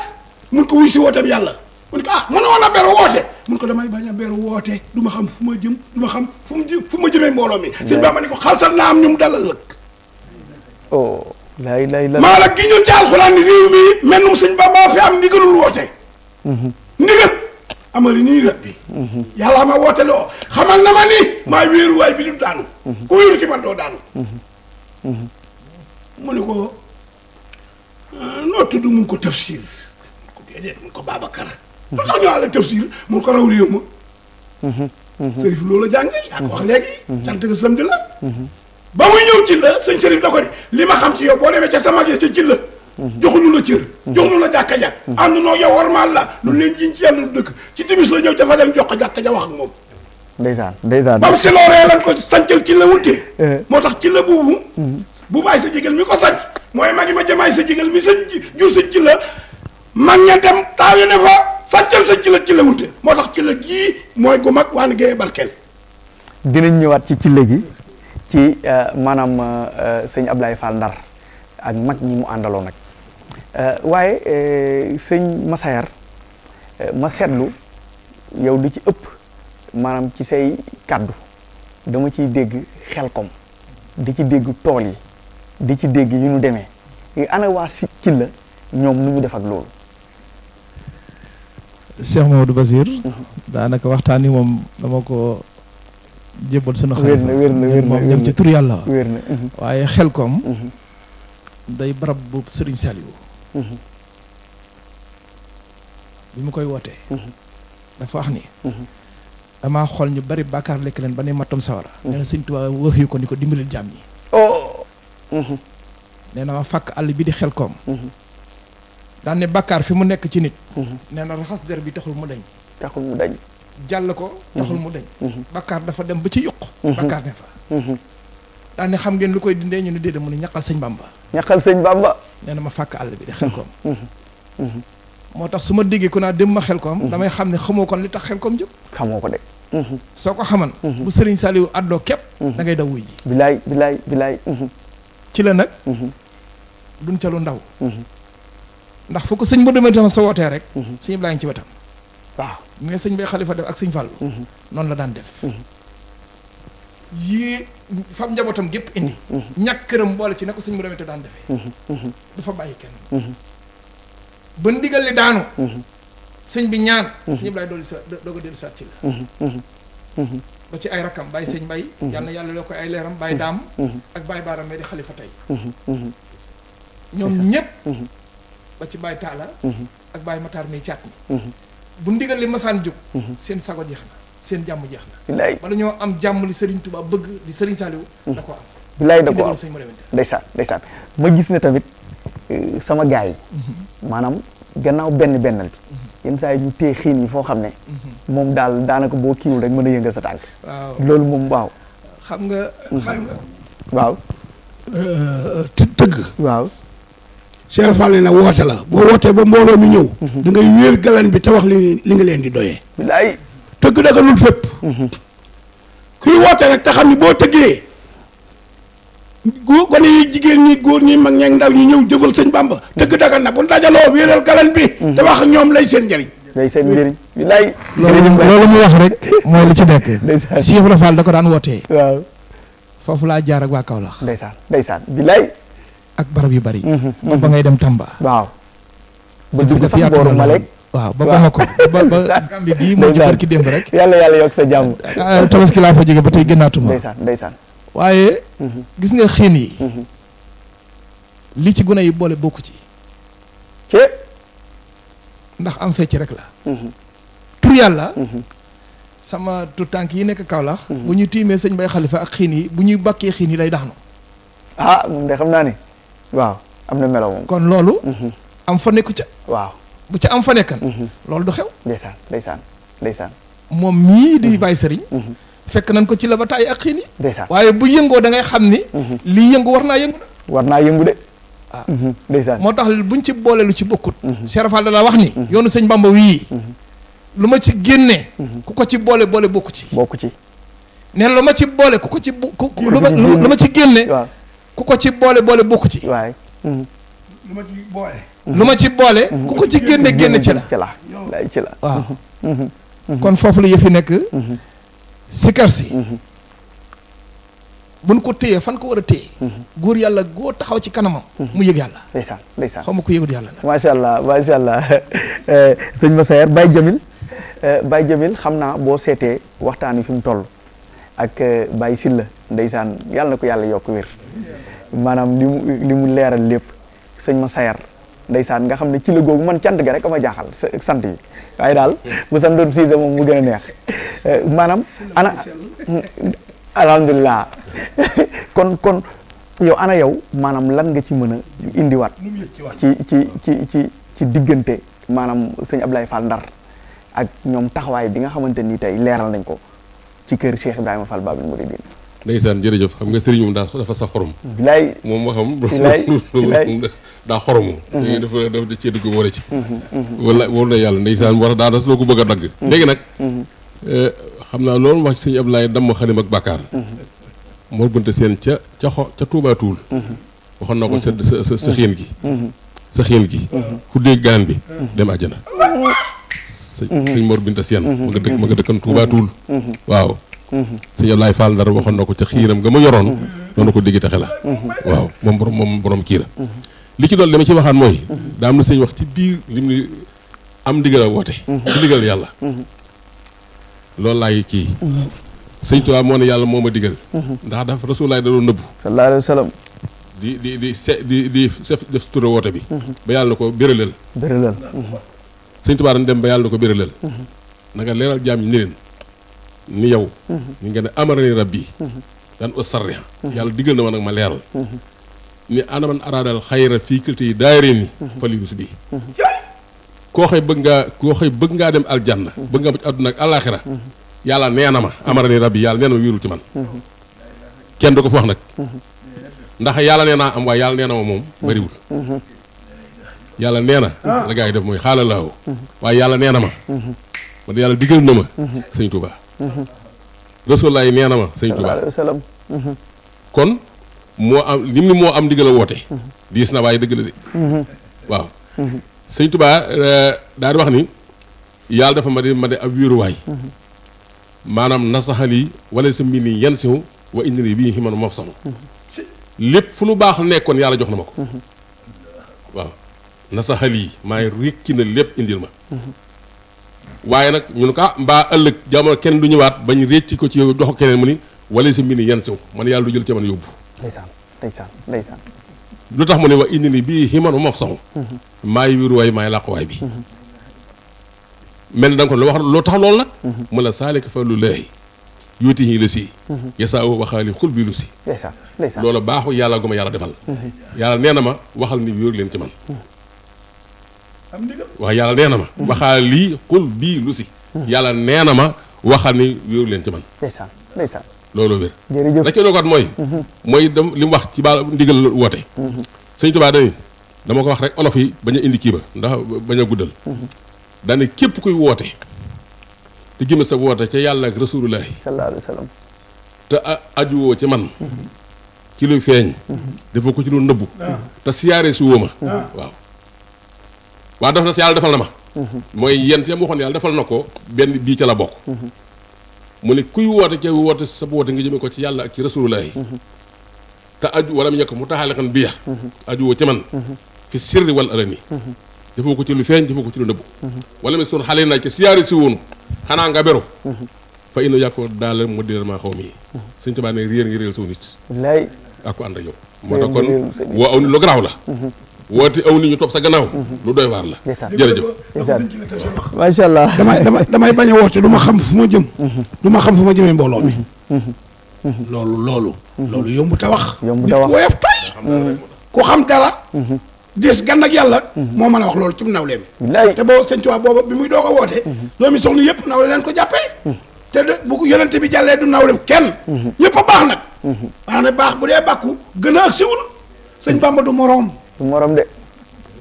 mun ko wuy si wooteem yàlla mun ko ah mënoon a beru woote mun ko damay bañ a beru woote du ma xam fu ma jëm du xam fu mu fu ma jëmee mbooloo mi. sëñ Bamba ni ko xalsal naa am ñu mu dalal lëkk. oh. laay laay la maa la gi ñun ci alxuraan ni mi mel num sëñ Bamba fi am ndigalul woote. Mhm. ndigal. amari nii rabbi yàlla a woote loo xamal na ma ni maa wéeru waay bi du daanu ku wéeru ci man doo daanu mu ni ko euh, noo tudd mun ko tafsir mun ko déedéet mun la tafsir mun ko raw réew ma sërif loola jàng yaa ko wax léegi sant nga samedi la ba muy ñëw ci la sëñ sërif da ko ni li ma xam ci yow boo demee ca sama ya ca ci joxuñu la cër joxuñu la jàkka ja ànd noo yow warmaal la lu leen jiñ ci yàlla dëkk ci timis la ñëw dafa dem jox ko jàkka ja wax ak moom ndeysaan ndeysaan bam si looree lan ko sancal ci la wunte eh. moo tax ci la buubu mm-hmm. bu bàyyi sa jégal mi ko sanc mooy magi ma jamaay sa jégal mi sañ jur sañ ci la mag ña dem taaw ne fa sancal ci la ci la moo tax ci la gii mooy gu mag waan géyee barkeel dinañ ñëwaat ci cille gi ci euh, maanaam euh, sëñ Ablaye Fall Ndar ak mag ñi mu àndaloo nag Euh, waaye euh, sëñ Massayar euh, ma seetlu yow di ci ëpp maanaam ci say kàddu dama ciy dégg xel xelkom di ci dégg tool yi di ci dégg yu ñu demee ana waa si ci la ñoom nu ñu def ak loolu. Cheikh du Basir. Mhm. daanaka waxtaan wi moom dama ko jébbal sunu xarit. wér na wér na moom ñoom yàlla. wér na mhm. waaye xelkom. Mhm. day barab bu Serigne Saliou. bi mu koy wootee. Mm-hmm. dafa wax ni. Mm-hmm. damaa xool ñu bari bàkkaar lekk leen ba ne matam sawara. Mm-hmm. nee na sëñ Tuubaa ko ni ko dimbalil jaam ñi. oh. na ma fàkk àll bi di xel koom. daan ne fi mu nekk ci nit. ne na raxas der bi taxul mu dañ. taxul mu dañ. jàll ko. taxul mu dañ. bàkkaar dafa dem ba ci yuq. bàkkaar ne fa. daal ne xam ngeen lu koy dindee ñu ne déedéet mu ne ñaqal sëñ bamba ñaqal sëñ bamba nee na ma fàkk àll bi de xel koom mm-hmm. Mm-hmm. moo tax su ma déggee ku naa dem ma xel koom mm-hmm. damay xam ne xamoo kon li tax xel koom jóg xamoo ko de soo ko xaman bu sëriñ Saliou addoo képp da ngay daw wuy ji bilaay bilaay bilaay ci la nag duñ ca lu ndaw ndax foo ko sëñ ba demee tam sa wootee rek sëñ Ibrahima ngi ci wetam waaw mais sëñ bay xalifa def ak sëñ Fallou noonu la daan def yii fam njabootam gépp indi. ñàkk këram boole ci ne ko suñ mu demee daan defee. du fa bàyyi kenn. ba ndigal li daanu. sëñ bi ñaan. sëñ bi laay dolli si doog ci la. ba ci ay rakam bàyyi sëñ bay yàlla na yàlla loo koy ay leeram bàyyi daam. ak bàyyi baaram may di xalifa tey. ñoom ñëpp. ba ci bàyyi taala. ak bàyyi mataar mi caat mi. bu ndigal li masaan jóg. seen sago jeex na. seen jàmm jeex na. billaay bala ñoo am jàmm li Serigne Touba bëgg sëriñ Serigne Saliou. Hmm. da ko am billaay da ko am ndeysaan ndeysaan ma gis ne tamit euh, sama gars yi. Hmm. maanaam gannaaw benn bennal bi. Hmm. yenn saa yi ñu téye xiin yi foo xam ne. moom daal daanaka boo kiiwul rek mën a yëngal sa tànk. loolu moom waaw. xam nga xam nga. waaw. Euh, tëgg. waaw. Cheikh Fall na woote la boo wootee ba mbooloo mi ñëw. da ngay wéer bi te wax li li nga leen di doyee. dëgg daganul fépp kuy wote nak te xam ni boo tëggee gone yi jigen ni gor ni mag ñeeg ndaw ñi ñew jëfal sëñ bamba deug dagan na bu dajalo wëral galan bi hmm. te wax ñom lay seen njëriñ lay seen njëriñ bilaay lolu mu wax rek moy li ci nekk Cheikh Ibra Fall da ko daan wote waaw fofu la jaar ak waa Kaolack ndaysan ndeysaan bilaay ak barab yu bari hmm, hmm, ba ngay dem Tamba waaw ba dugg sax borom Malek waaw ba ba ko ba ba Gambie bii moo ji barki démb rek. yàlla yàlla yokk sa jàmm. Ah, ah, tabaski laa fa jóge ba tey génnaatuma. ndeysaan mhm. nga xiin yi. Mhm. ci gune yi boole bokku ci. ci. ndax fecc rek la. Mhm. tur yàlla. sama tu tànk yi nekk Kaolack. bu ñu tiimee sëñ Bay Xalifa ak xiin yi bu ñuy bàkkee xiin yi lay daxnu. ah moom de xam naa ne. waaw am na melo moom. kon loolu. am fa nekku ca. waaw. bu ci am fa nekk mhm. loolu du xew ndeysaan ndeysaan ndeysaan moom mii di mhm. bàyyi sëriñ mhm. fekk nañ ko ci la ba taay ak xiin yi ndeysaan waaye bu yëngoo da ngay xam ni lii yëngu war naa yëngu de war naa yëngu de ah. moo tax buñ ci boole lu ci bokkut serafal da la wax ni yoonu sëñ Bamba wii lu ma ci génnee ku ko ci boole boole bokku ci bokku ci ne lu ma ci boole ku ko ci lu ma ci génne ku ko ci boole boole bokku ci waaye ma ci lu ma ci boole. ku ko ci génne génn ci la ci la ci la waaw. Mhm. Mhm. kon foofu la yëf yi nekk. Mhm. sikar si. buñ ko téyee fan ko war a téye. góor yàlla goo taxaw ci kanamam. mu yëg yàlla. ndeysaan ndeysaan xaw ma ko yëgut yàlla. macha allah macha allah eh, sëñ Massaer Baye Jamil eh, Baye Jamil xam naa boo seetee waxtaan wi fi mu toll ak eh, Baye Silla ndeysaan yàlla na ko yàlla yokk wér maanaam li mu leeral lépp sëñ Massaer ndeysaan nga xam ne ci la googu man cant ga rek a ma jaaxal sant yi waaye daal bu sant doon Cissé moom mu gën a neex euh, maanaam ana alhamdulilah kon kon yow ana yow maanaam lan nga ci mën a indiwaat ci ci ci ci ci diggante maanaam sëñ ab lay Fall Ndar ak ñoom taxawaay bi nga xamante ni tey leeral nañ ko ci kër Cheikh Ibrahima Fall Babil Mouridine ndeysaan jërëjëf xam nga sëriñ moom daal dafa sa xorom bilaay moom waxam bilaay daa xoromu mhm. dañuy def daf da cee war a ci mhm. wala war na yàlla ndeysaan war a daa das loo ko bëgg a dagg mhm. léegi nag eh, xam naa loolu wax ci sëñ Ablaye damm xalim ak bàkkaar Mor Bunte Seen ca ca xo gi sa gi ku dégg bi dem àjjana sëñ Mor Binta Seen ma nga dëkk ko ca xiinam nga ma yoroon ko dégg taxe la waaw moom borom moom borom kii la li ci doon li ma ci waxaat mooy. daa am na sëñ wax ci biir lim li am ndigal a woote. ci ndigal yàlla. loolu laay kii. sëñ Tuubaa moo ne yàlla moo ma diggal ndax dafa rasulaay da doon nëbbu. sallallahu alayhi wa di di di di di bi. ba yàlla na ko bérélal. bérélal. sëñ Tuubaa dañ dem ba yàlla na ko bérélal. na nga leeral jaam ñi ni leen ni yow. ñu mm-hmm. ngi ne amarani rabbi. Mm-hmm. daan o sarriha. yàlla digal na ma nag ma leeral. ni anaman aradal xayra fii kilti daareeni falidus bi ko xey bëgg nga ko xey bëgg nga dem aljanna bëgg nga mucc àdduna ak alaxira yàlla nee na ma amara ni rabbi yalla neena na ci man kenn du ko wax nak ndax yalla neena am way yalla neena mom bari wul yalla neena la gay def moy xaalalaaw way yalla nee ma man yalla digel na ma seigne touba Rasulullah nee ma kon moo am lim ni moo am ndigal a woote. Mhm. diis na waaye dëgg la de. Mhm. waaw. Mhm. sëñ Tuubaa eh, daal di wax ni yàlla dafa ma di ma di ab wéeruwaay. maanaam nasaxali wala sa mbir nii yan siw wa indi nii bii ximan moof saxu lépp fu lu baax nekkoon yàlla jox na ma ko. waaw nasaxali maa ngi rékki lépp indil ma. waaye nag ñun ko ah mbaa ëllëg jamono kenn du ñëwaat bañ récci ko ci yow jox ko keneen mu ni wala sa mbir nii yan man yàlla du jël ca man yóbbu. ndeysaan ndeysaan lu tax mu ne wax indi ni bii ximanu mof saxu maay wiru waay maay làquwaay bi mhm. mel na ko lu wax loo tax loolu nag mhm. mu la saalika fa lu laahi yuuti yi la si yasaa o waxaali xul bi lu si mhm. loola baaxu yàlla gu ma yàlla defal yàlla nee na ma waxal ni wéeru leen ci man waaw yàlla nee ma waxaal lii xul bii lu si yàlla nee na ma waxal ni wéeru leen ci man loolu wér jërëjëf la ca doogaat mooy mooy dem li mu wax ci baal ndigal woote sëñ Tuubaa dani dama ko wax rek olof yi bañ indi kii ndax bañ a guddal daane képp kuy woote te jëme sa woote ca yàlla ak rasulullaahi te a wa ajuwoo ci man ci luy feeñ dafa ko ci lu nëbbu ah. te siyaare si woo ma ah. waaw waaw def na si yàlla defal na ma mhm. mooy yent yam waxoon yàlla defal na ko benn bii ca la bokk mhm. mu ne kuy woote ca woote sa woote nga jëme ko ci yàlla ak ci rasulullaahi te aju wala mu ñekk mu taxaalekan biya aju woo ci man fi sirri wal alani defoo ko ci lu feeñ defoo ko ci lu nëbbu wala mi sun xale naa ci siyaari si woonu xanaa nga beru fa ino yàkko daal mu diral maa xaw mi suñ tabaane réer ngi réer saw nit ak ko ànd ak yow moo tax kon woo aw nit lu garaaw la woote aw nit ñu topp sa gannaaw. Mhm. lu doy waar la. jërëjëf macha allah. damay damay damay bañ a woote du ma xam fu ma jëm. Mhm. du ma xam fu ma jëmee mbooloo mi. Mhm. loolu loolu. loolu yomb ta wax. yomb ta wax woyof tay ku xam dara. des gan ak yàlla. moo mën a wax loolu ci nawleem. te boo sëñ Tuubaa booba bi muy doog a woote. doomi soxna yëpp nawle leen ko jàppee. te de bu yonente bi jàllee du nawleem kenn. ñëpp a baax nag. ne baax bu dee bàkku gën a ak siwul sëñ Bamba du moroom. du morom de.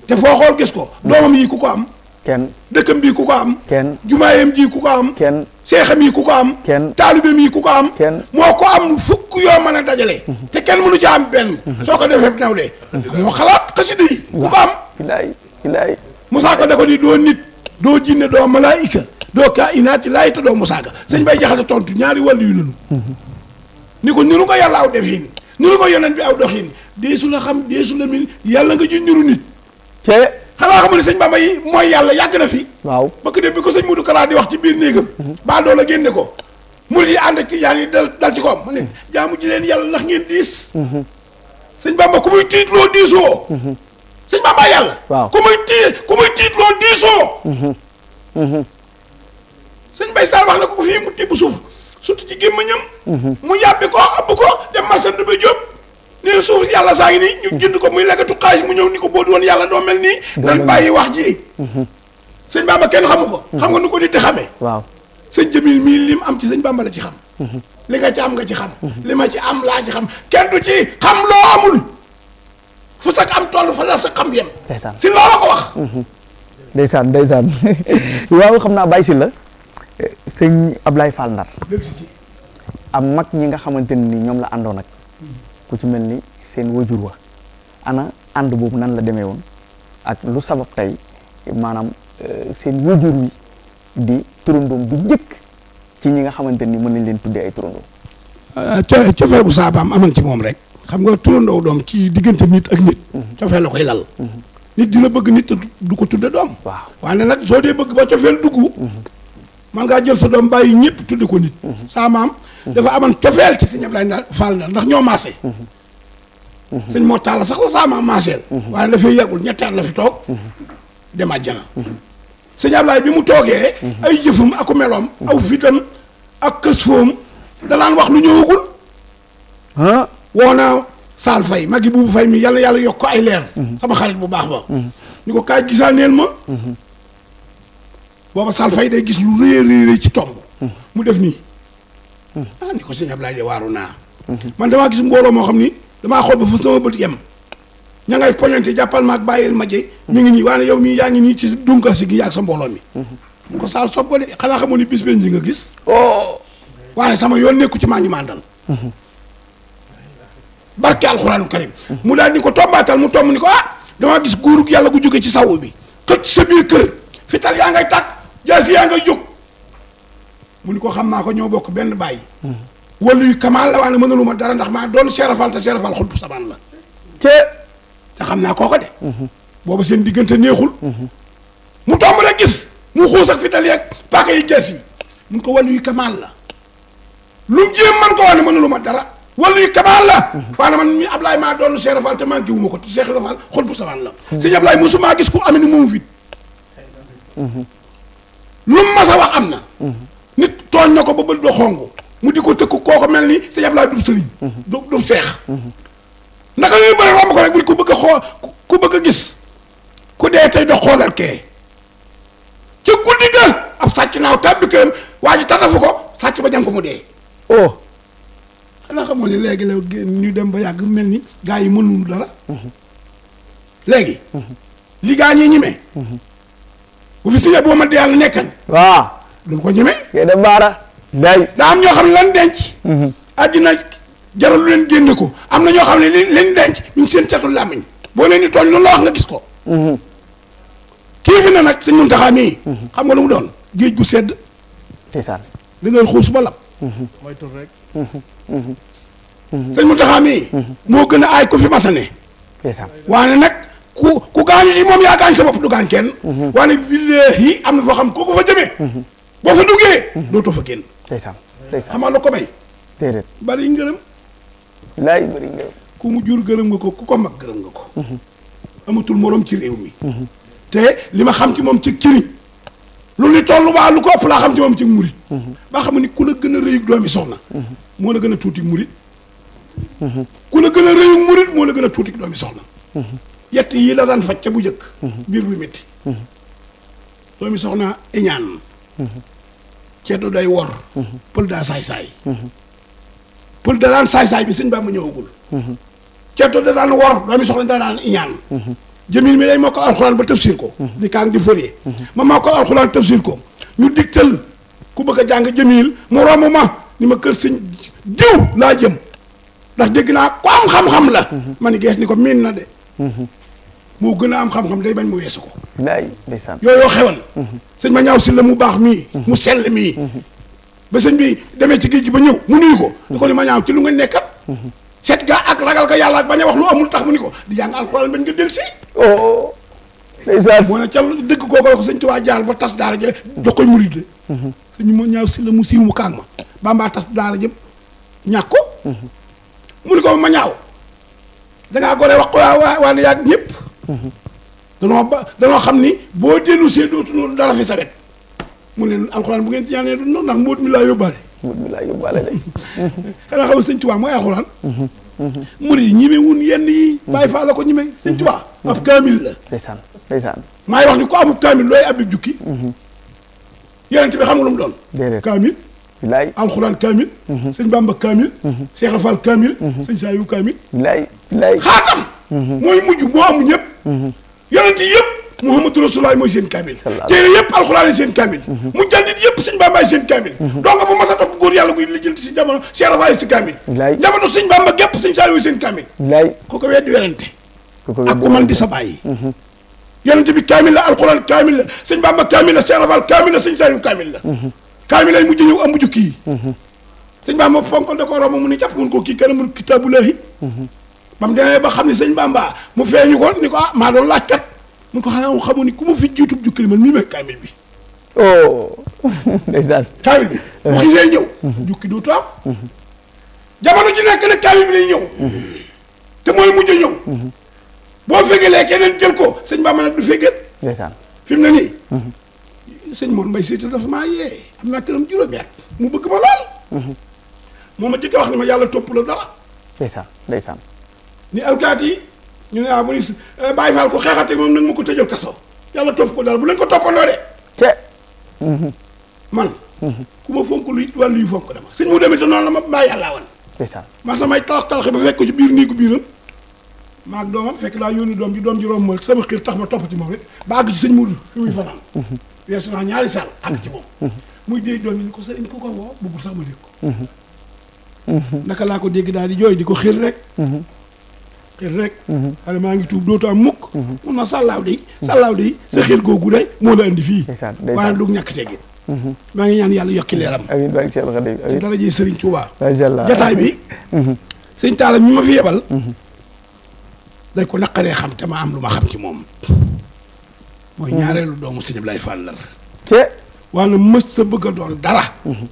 te foo xool gis ko. doomam yi ku ko am. kenn dëkkam bii ku ko am. kenn jumaayam ji ku ko am. kenn seexam yi ku ko am. kenn taalibeem yi ku ko am. moo ko am fukk yoo mën a dajale. te kenn mënu ci am benn. soo ko defee nawle. moo xalaat xasida yi ku ko am. ilaay ilaay. Musaa da ko di doo nit doo jinne doo malaayika doo kaa inaat ci laay te doo Musaa sañ sëñ bay jaxase tontu ñaari wàll yu lunu ni ko niru nga yàlla aw defin nu la ko yonent bi aw doxin deesu la xam deesu la mil yàlla nga ji ñuru nit te xanaa xamu sañ sëñ ma yi mooy yàlla yàgg na fi waaw bakk de bi ko sëñ Modou Kara di wax ci biir néegam mhm. baa doo la génne ko murid yi ànd ak yaa ni dal dal ci ko am ma ne jaamu ji leen yàlla ndax ngeen diis mhm. sëñ Bamba ku muy tiitloo diisoo mhm. sëñ Bamba yàlla waaw ku muy tiit ku muy tiitloo diisoo sëñ Bay Sall wax na ko ko fii mu tibb suuf surtout ci gémmañam mu yàbbi ko abbu ko dem marchandu ba jóob ne suuf yàlla saa ngi nii ñu jënd ko muy lekkatu xaalis mu ñëw ni ko boodu woon yàlla doo mel nii nan bàyyi wax ji mhm. sëñ Bamba kenn xamu ko mhm. xam nga nu ko nit di xamee waaw sëñ Jamil mii lim am ci sëñ Bamba la ci xam mhm. li nga ci am nga ci xam li ma ci am laa ci xam kenn du ci xam loo am toll fa la xam yem si loola ko wax ndeysaan ndeysaan waaw xam naa bàyyi si la sëñ Ablaye Fall Ndar am mag ñi nga xamante ni ñoom la àndoon ak ku ci mel ni seen wajur wa ana ànd boobu nan la demee woon ak lu sabab tey maanaam euh, seen wajur wi di turandoom bi njëkk ci ñi nga xamante ni mën nañ leen tuddee ay turandoo. Euh, co cofeel bu saabaam amoon ci moom rek. xam nga turandoo doom ci diggante nit ak nit. Mhm. cofeel la koy lal. Mhm. nit dina bëgg nit du ko tudde doom. waaw waaye nag soo dee bëgg ba cofeel dugg. Mhm. man ngaa jël sa doom bàyyi ñëpp tudde ko nit mhm. sa maam mhm. dafa amoon cofeel ci sëñ Ablaye Ndar ndax ñoo maase mhm. sëñ moo taala sax la sa maam maaseel waaye dafay yàggul ñetti la fi toog dem àjjana sëñ Ablaye bi mu toogee ay jëfam aku meloom aw fitam ak kës foom danaan wax lu ñëwagul woona Saal Fay magi buubu Fay mi yàlla yàlla yokk ay leer sama xarit bu baax ba ni ko kaay gisaaneel ma booba Sall Faye day gis lu rëy rëy ci tomb hmm. mu def nii hmm. ah ni ko sëñ Ablaye de waaru naa man damaa gis mbooloo moo xam ni damaa xool ba fu sama bët yem ña ngay poñante jàppal maag bàyyil ma je mi hmm. ngi nii waane yow mii yaa ngi nii ci dunka si gi yaag sa mbooloo mi mu ko Sall sob ko de xanaa xamoon ni bis benn ji nga gis o oh. waane sama yoon nekku ci maa ñu màndal barke alxuraanu karim mu daal ni ko tombaatal mu tomb ni ko ah damaa gis guurug yàlla gu jóge ci sawu bi xëcc jaasi yaa nga jóg mu ni ko xam naa ko ñoo bokk benn bàyyi wàllu yu kamaal la waa ne ma dara ndax maa doon seerafal te seerafal xutbu la te te xam naa kooko de mhm. booba diggante neexul mhm. mu tomb rek gis mu xuus ak fital yeeg paaka ko wàllu yu kamaal la lu mu jéem man ko waa ne dara wàllu yu kamaal la mhm. waa ne man mi Ablaay maa doon seerafal te maa giwuma ko te seerafal xutbu sabaan la sëñ Ablaay mosumaa gis ku amee ni mu fit lu mas a wax am na. nit tooñ na ko ba bët ba xong mu di ko tëkk kooku mel ni sëñ Abdoulaye du sëriñ. du du seex. naka yooyu romb ko rek bu ku bëgg a xool ku bëgg a gis ku dee tey dox xoolal kee ca guddi ga ab sàcc naaw tàbbi këram waa ji tatafu ko sàcc ba jàng ko mu dee. oh. xanaa xam ni léegi la ñu dem ba yàgg mel ni gaa yi mënuñu dara. léegi. li gaa ñi ñime. bu fi sëyee boo ma yàlla nekkan. waaw. du ko ñeme. ngay dem baara. day daa am ñoo xam ne lan denc. Mhm. àddina jaral lu leen génne ko am na ñoo xam ne leen denc ñu seen catul làmmiñ boo leen di tooñ loolu la wax nga gis ko. Mhm. kii fi ne nag sëñ Muntaxa mii. Mhm. xam nga lu mu doon géej gu sedd. c'est ça. da ngay xuus ba lab. mooy tur rek. sëñ Muntaxa mii. moo gën a aay ko fi masane. c'est ça waane ku ku gaañu ci moom yaa gaañ sa bopp du gaañ kenn. Mhm. waaye billaahi am na foo xam kooku fa jëmee. Mhm. boo fa duggee. Mhm. dootoo fa génn. xamaa la ko may. déedéet bari ngërëm. laay bari ngërëm. ku mu jur gërëm nga ko ku ko mag gërëm nga ko. amatul morom ci réew mi. te li ma xam ci moom ci cëriñ. lu ni tollu baa lu ko ëpp laa xam ci moom ci murit. ba xam ni ku la gën a rëyug doomi soxna. moo la gën a tuuti murit. ku la gën a rëyug murit moo la gën a tuuti doomi soxna. yett yi la dan fajj ca bu jëkk mhm. bir bu do mi mhm. soxna ci do mhm. day wor pul da say, say pul da lan say say bi sëñ ñewugul ci ceetu da lan wor mi soxna da daan iñaan jëmin mi lay alquran ba tafsir ko di kan di fure ma mokkal alquran tafsir ko ñu diktal ku bëgg jang jëmil jëmiil mu romb ma ni ma kër sëñ diw la jëm ndax degg na ko am xam-xam la man gees ni ko min na de mo gëna am xam-xam day bañ mo wessu ko. lay ndaysan yo yo xewal. Mhm. señ ma ñaw mhm. mhm. ci le mu bax mi mu sel mi ba señ bi démé ci gëj gi ba ñew mu nuyu ko. di ko ni ma ñaw ci lu nga nekkat. set ga ak ragal ga yalla ak baña wax lu amul tax mu ni ko di jang alcorane bañ nga del ci oh, oh, oh. ndaysan mo na ci lu dëgg la ko sëñ Tuubaa jaar ba tas daara je jox koy murid de. sëñ ma ñaaw si la mu siiw mu kaag ma bambaa tas daara je ñàkk mu ni ko ma ñaw da nga gore wax ko wa wa waa ne danoo ba danoo xam ni boo dellu see dootul dara fi sawet mu leen alxuraan bu ngeen ñaanee du noonu ndax mbóot mi laa yóbbaale mbóot mi laa yóbbaale de xanaa xam nga sëñ Tuubaa mooy alxuraan murid yi ñime wun yenn yi bàyyi ko ñime sëñ Tuubaa ab kaamil la ndeysaan ndeysaan maa ngi wax ni ko amul kaamil looy abib jukki mhm. bi xam nga lu mu doon kaamil bilaay alxuraan kaamil mhm. sëñ Bamba kaamil Cheikh mhm. Rafal kaamil sëñ Saaliw kaamil bilaay xaatam Mhm. mooy mujj moo am ñëpp mhm. yonent yëpp Muhammadu Rasulullaah mooy seen kaamil téere yëpp alxuraan seen kaamil mhm. mu jàndit seen kaamil donc bu mas a topp góor yàlla guy lijjanti si jamono si kaamil jamono sëñ Bamba kaamil ku ko weddi yonente ak ku man di sa bi kaamil la kaamil la sëñ Bamba kaamil la Cheikh Rafaay kaamil la sëñ mujj ñëw am mujj kii sëñ Bamba fonkal da ko mu ni jàpp mun koo kii kenn mun kitaabu laahi ba mu demee ba xam ni sëñ Bamba mu feeñu ko ni ko ah maa doon laajkat mu ko xanaa mu xamu ni ku mu fi jiitub jukki li man mii may bi. oh. ndeysaan kaamil mhm. jamono ji nekk nag kaamil bi lay ñëw. a mhm. ñëw. Mhm. boo ko sëñ Bamba nag fi mu ne nii. sëñ Mor Mbaye Cissé dafa mu bëgg ma moo ma jëkk wax ni yàlla topp la dara. ndeysaan ndeysaan. ni alkaat yi ñu ne ah mu ne eh, Baye Fall ko xeexate moom nag ma ko tëjal kaso yàlla topp ko daal bu leen ko toppandoo de. te. man. Mhm. ku ma fonk lu wàllu yu fonk dama sëñ mu demee te noonu la ma bàyyi yàllaa wan. ma ça man samay talax talaxe ba fekk ko ci biir néegu biiram maa ak doomam fekk laa yónni doom ji doom ji romb ma sama xel tax ma topp ci moom rek ba àgg ci sëñ Modou fi muy fanaan. Mhm. weesu naa ñaari saal àgg ci moom. Mhm. muy dee doom yi ni ko sëriñ ku ko woo bëggul sax ma dégg ko. naka laa ko dégg daal di jooy di ko xir rek. xir rek xale maa ngi tuub dootu am mukk mun na sàllaaw de sàllaaw de sa xir googu de moo la andi fii waaye du ñàkk teggin maa ngi ñaan yàlla yokki leeram amiin barke Cheikh Khadim amiin dara ji Serigne Touba macha jataay bi mhm. sëñ Talla mi ma fi yebal mhm. dañ ko naqaree xam te ma am lu ma xam ci moom mooy mhm. ñaareelu doomu sëñ lay Fall la te wala mës ta bëgg doon dara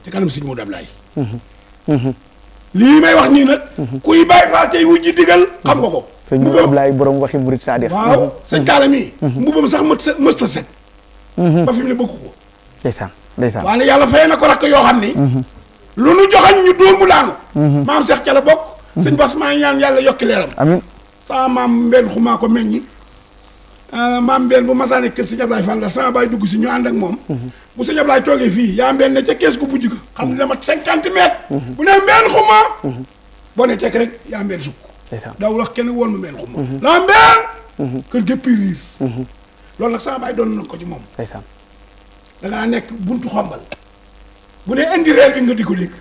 te kanam sëñ Modou Ablaye lii may wax nii nag. kuy bàyyi faal tey wujji digal. xam nga ko. sëñ bi Ablaye borom waxi murit Saadix. waaw mhm. mhm. mbubam sax mës set. Mhm. ba fi ne bëgg ko. ndeysaan ndeysaan. waaye nag yàlla fay na ko rakk yoo xam ni. lu nu joxañ ñu dóor mu daanu. maam Cheikh ca la bokk. sëñ Bas maa ngi ñaan yàlla yokki leeram. amiin sama maam mbenn xumaa ko meññi. Euh, maam Mbène bu masaane kër sëñ Ablaye Fall la sama baay dugg si ñu ànd ak moom. bu sëñ Ablaye toogee fii yaa Mbène ne ca kees gu mujj ga. xam ne dama cinquante mètres. bu nee Mbène xuma. boo ne tekk rek yaa Mbène sukk. daawul wax kenn woon ma Mbène xuma. Mhm. la Mbène. Mhm. kër gépp riir. Mhm. loolu nag sama baay doon na ko ci moom. ndeysaan da nekk buntu xombal. bu ne indi reer bi nga di ko dégg.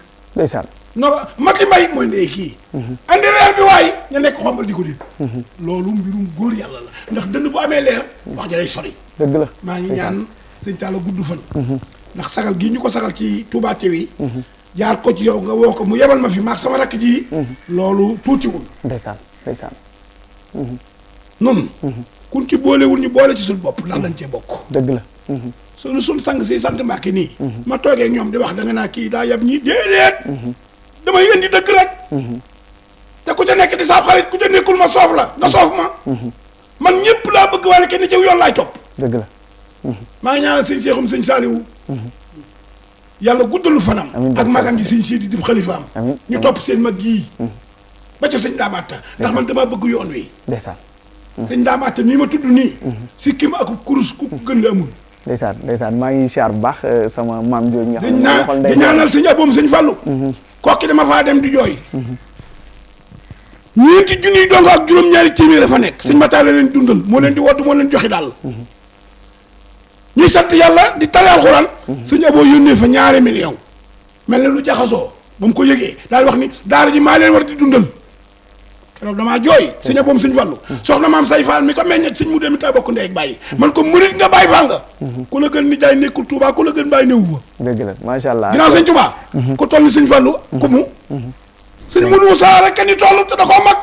non Mati Mbaye mooy ndey kii. andi leer bi waay ña nekk xombal di ko dégg. loolu mbirum góor yàlla la ndax dënn bu amee leer. wax ji lay sori. dëgg la maa ngi ñaan sëñ Talla gudd fan. Mhm. ndax sagal gii ñu ko sagal ci Touba TV. Mhm. jaar ko ci yow nga woo ko mu yebal ma fi maak sama rakk ji. Mhm. loolu tuutiwul. ndeysaan ndeysaan. nun kun ci boolewul ñu boole ci suñ bopp ndax dañ cee bokk. dëgg la. suñu suñ sang si sant Mbàkke nii. ma toogee ñoom di wax da naa kii daa yab ñii déedéet. damay indi dëgg rek. Mhm. te ku ca nekk di saab xarit ku ca nekkul ma soof la nga soof ma. Mhm. man ñëpp laa bëgg waaye kenn ci yoon laay topp. dëgg la. Mhm. maa ngi ñaanal sëñ Seexum sëñ Saaliwu. yàlla guddalu fanam. ak magam ji sëñ Sidi ñu topp seen mag yii. ba ca sëñ Daamata ndax damaa bëgg yoon wi. ndeysaan. sëñ Daamata nii ma ak kurus ku maa ngi siyaar bu euh, sama maam jooju nga xam ne. kooki dama faa dem di jooy. ñeenti junniy dongo ak juróom-ñaari téeméer dafa nekk. sëñ Matar la leen dundal moo leen di wodd moo leen joxe daal. ñuy sant yàlla di tali alxuraan. sëñ Abo yónnee fa ñaari million mel ne lu jaxasoo ba mu ko yëgee daal wax ni daara ji maa leen war di dundal. keroog damaa jooy mm. sëñ aboom sëñ fallu mm. soxna maam say fall mi ko meññet sëñ mu dem taa bokk ndey ak bàyyi man ko murit nga bàyyi fall nga mm-hmm. ku la gën ni jaay nekkul Touba ku la gën bàyyi néewu fa dëgg la macha allah ginnaaw sëñ Touba mm-hmm. ku toll ni sëñ fallu mm-hmm. ku mu sëñ Modou Moussa rek ni toll te da koo mag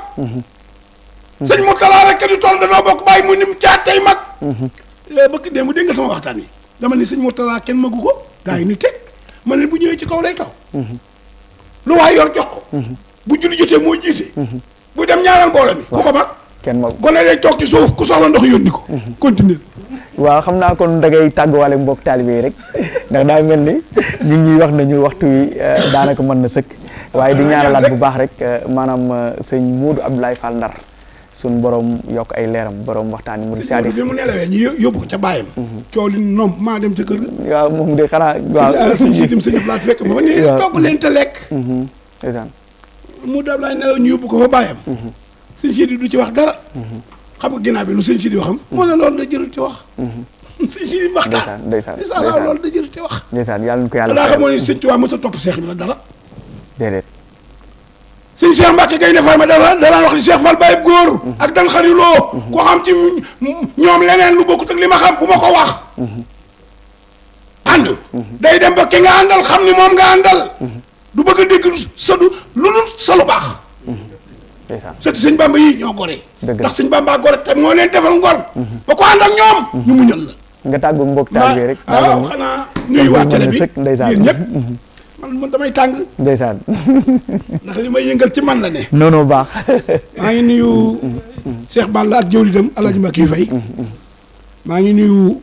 sëñ Mourtala rek ni toll danoo bokk bàyyi mu nim caat tey mag lée eh, bëgg démb dégg nga sama waxtaan wi dama ni sëñ Mourtala kenn magu ko gaa yi ni teg ma ne bu ñëwee ci kaw lay taw lu waay yor jox ko bu julli jotee mooy jiite bu dem ñaanal mbooloo mi. ku ko mag kenn mag gone day toog ci suuf ku soxla ndox yónni ko. Mhm. continuer. waaw xam naa kon dangay tàgguwaale mbokk taalibe yi rek ndax daa mel ni ñu ngi wax nañu waxtu wi euh, daanaka mën na sëkk. waaye di ñaanalaat bu baax rek euh, maanaam euh, sëñ Modou Abdoulaye Fall Ndar suñ borom yokk ay leeram borom waxtaan yi. mu saadi nelawee ñu yóbbu ko ca bàyyam. Mhm. coow li noom maa dem ca kër ga. waaw moom de xanaa. sëñ si dim sëñ fekk ma ba ni togg leen lekk. Mhm. mu dab lay nelaw ñu yóbbu ko fa bayam seigne chidi du ci wax dara xam nga ginnaaw bi lu seigne chidi waxam mo mm-hmm. la loolu da jëru ci wax seigne chidi mm-hmm. Sidi waxtaan ndeysaan ndeysaan loolu da jëru ci wax yalla ñu ko yalla da xam ni seigne Tuubaa mësa top cheikh bi la dara dedet seigne Cheikh Mbacke gayne ne farma dara dara wax ni Cheikh Fall Baye goor ak dan xariloo mm-hmm. ko xam ci ñom leneen lu bokku ak li ma xam bu mako wax ànd day dem ba ki nga andal xam ni mom nga andal du bëgg a dégg sadu lu dul sa lu baax. sëti sëñ bamba yi ñoo goree ndax sëñ bamba gore tam moo leen defal ngor ba ko nga tàggu mbokk taalibe rek waaw ah, xanaa nuyu waa télé bi yéen ñëpp tàng ndeysaan ndax li may yëngal ci man la ne non baax maa ngi nuyu Cheikh Balla ak jëwli dem alaaji Mbakke Faye mm-hmm. maa ngi nuyu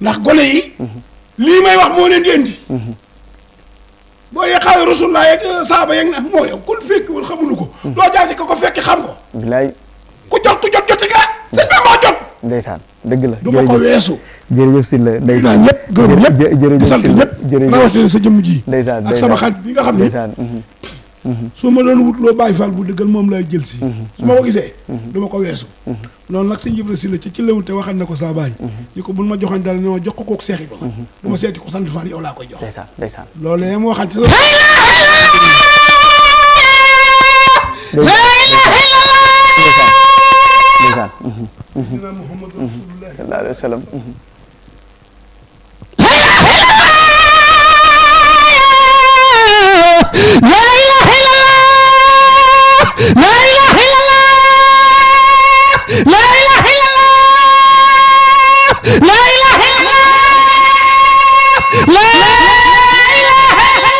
ndax gone yi. lii may wax moo leen di indi. boo dee xawee rasulullah yeeg euh, saaba yeeg nag moo yow kon fekkiwul xamuñu ko. Mm-hmm. doo jaar ci ko ko fekki xam ko. bilaay ku jot ku jot jot ci gaa. sëñ bi moo jot. ndeysaan dëgg la du ma ko weesu. jërëjëf si la ndeysaan ñëpp gërëm ñëpp di sant ñëpp rawatina sa jëmm ji. ndeysaan ak sama xarit su ma doon wut loo bàyyi faal bu dëggal moom laay jël si mhm. su ma ko mhm. gisee duma ko weesu noonu mhm. nag sëñ Ibra si la ci ci te waxal na ko saa baay ni ko buñ ma joxoon dara ne ma jox ko kook seexi ba du ma seeti ko sant faal yow laa koy jox loolu yee ma waxal ci sa sayyidina Muhammad rasulullah sallallahu alayhi wa sallam la ilaha illallah la ilaha illallah la ilaha illallah la ilaha illallah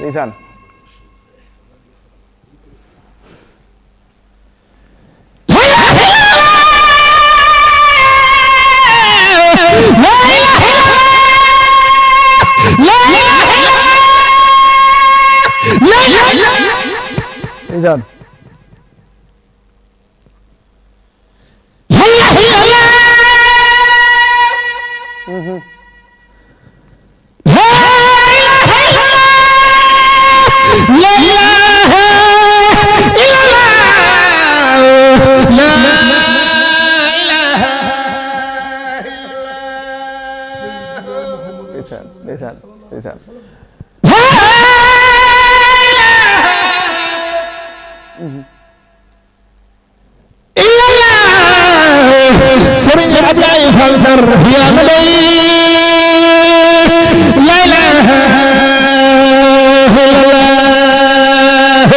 ndeysaan ndeysaan ndeysaan ndeysaan ndeysaan sëriñ Ablaye Fall Ndar yaa ma doy laa ilaaha illallaah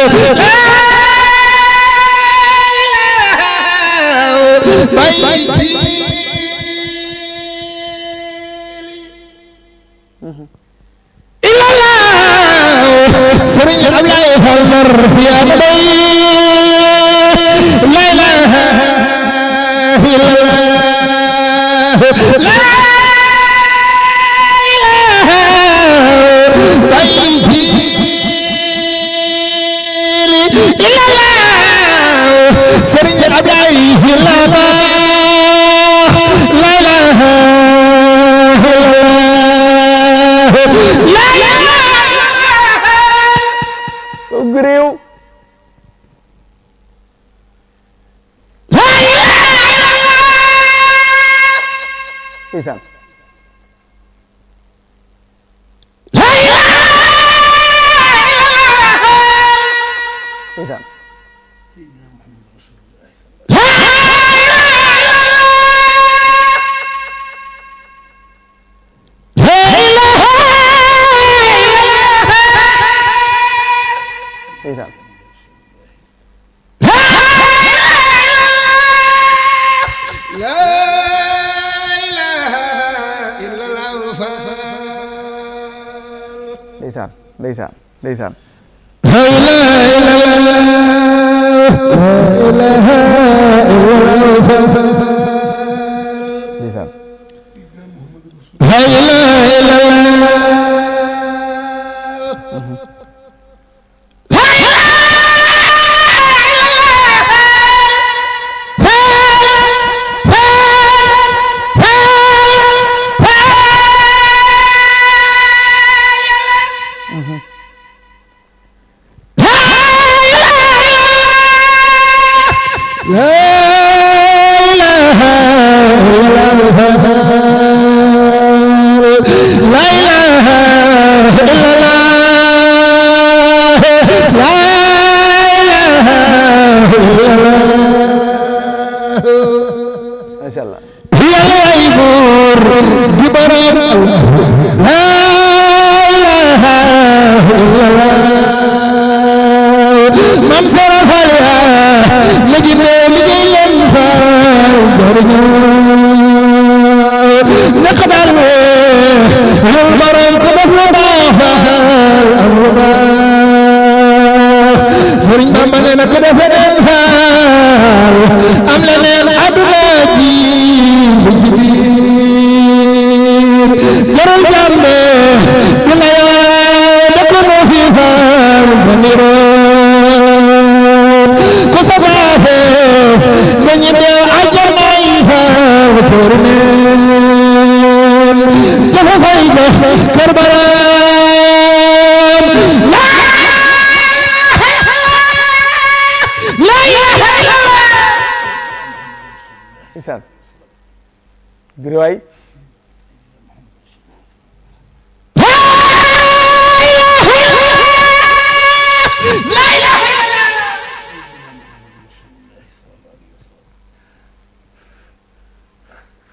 illallah sëriñ Ablaye Fall Ndar yaa ma doy ndeysaan ndeysaan ndeysaan la ilaha illallah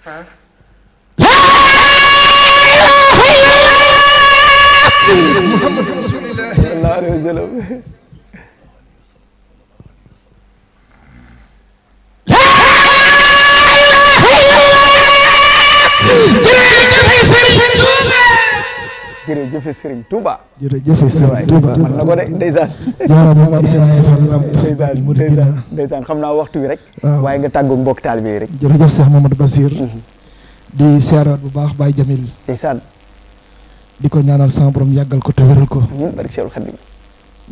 laa ilaaha illallah muhammadu rasuulillah jërëjëf Serigne Touba. jërëjëf Serigne Touba man na ko de ndeysaan. jaaraama nga Israël naa waxtu wi rek. waaye nga tàggoog mbokk taalibe yi rek. jërëjëf Cheikh Mamadou Bassir. Mhm. di seeraat bu baax baay Jamil. ndeysaan. di ko ñaanal sama borom yàggal ko te wéral ko. ñun mhm, ñu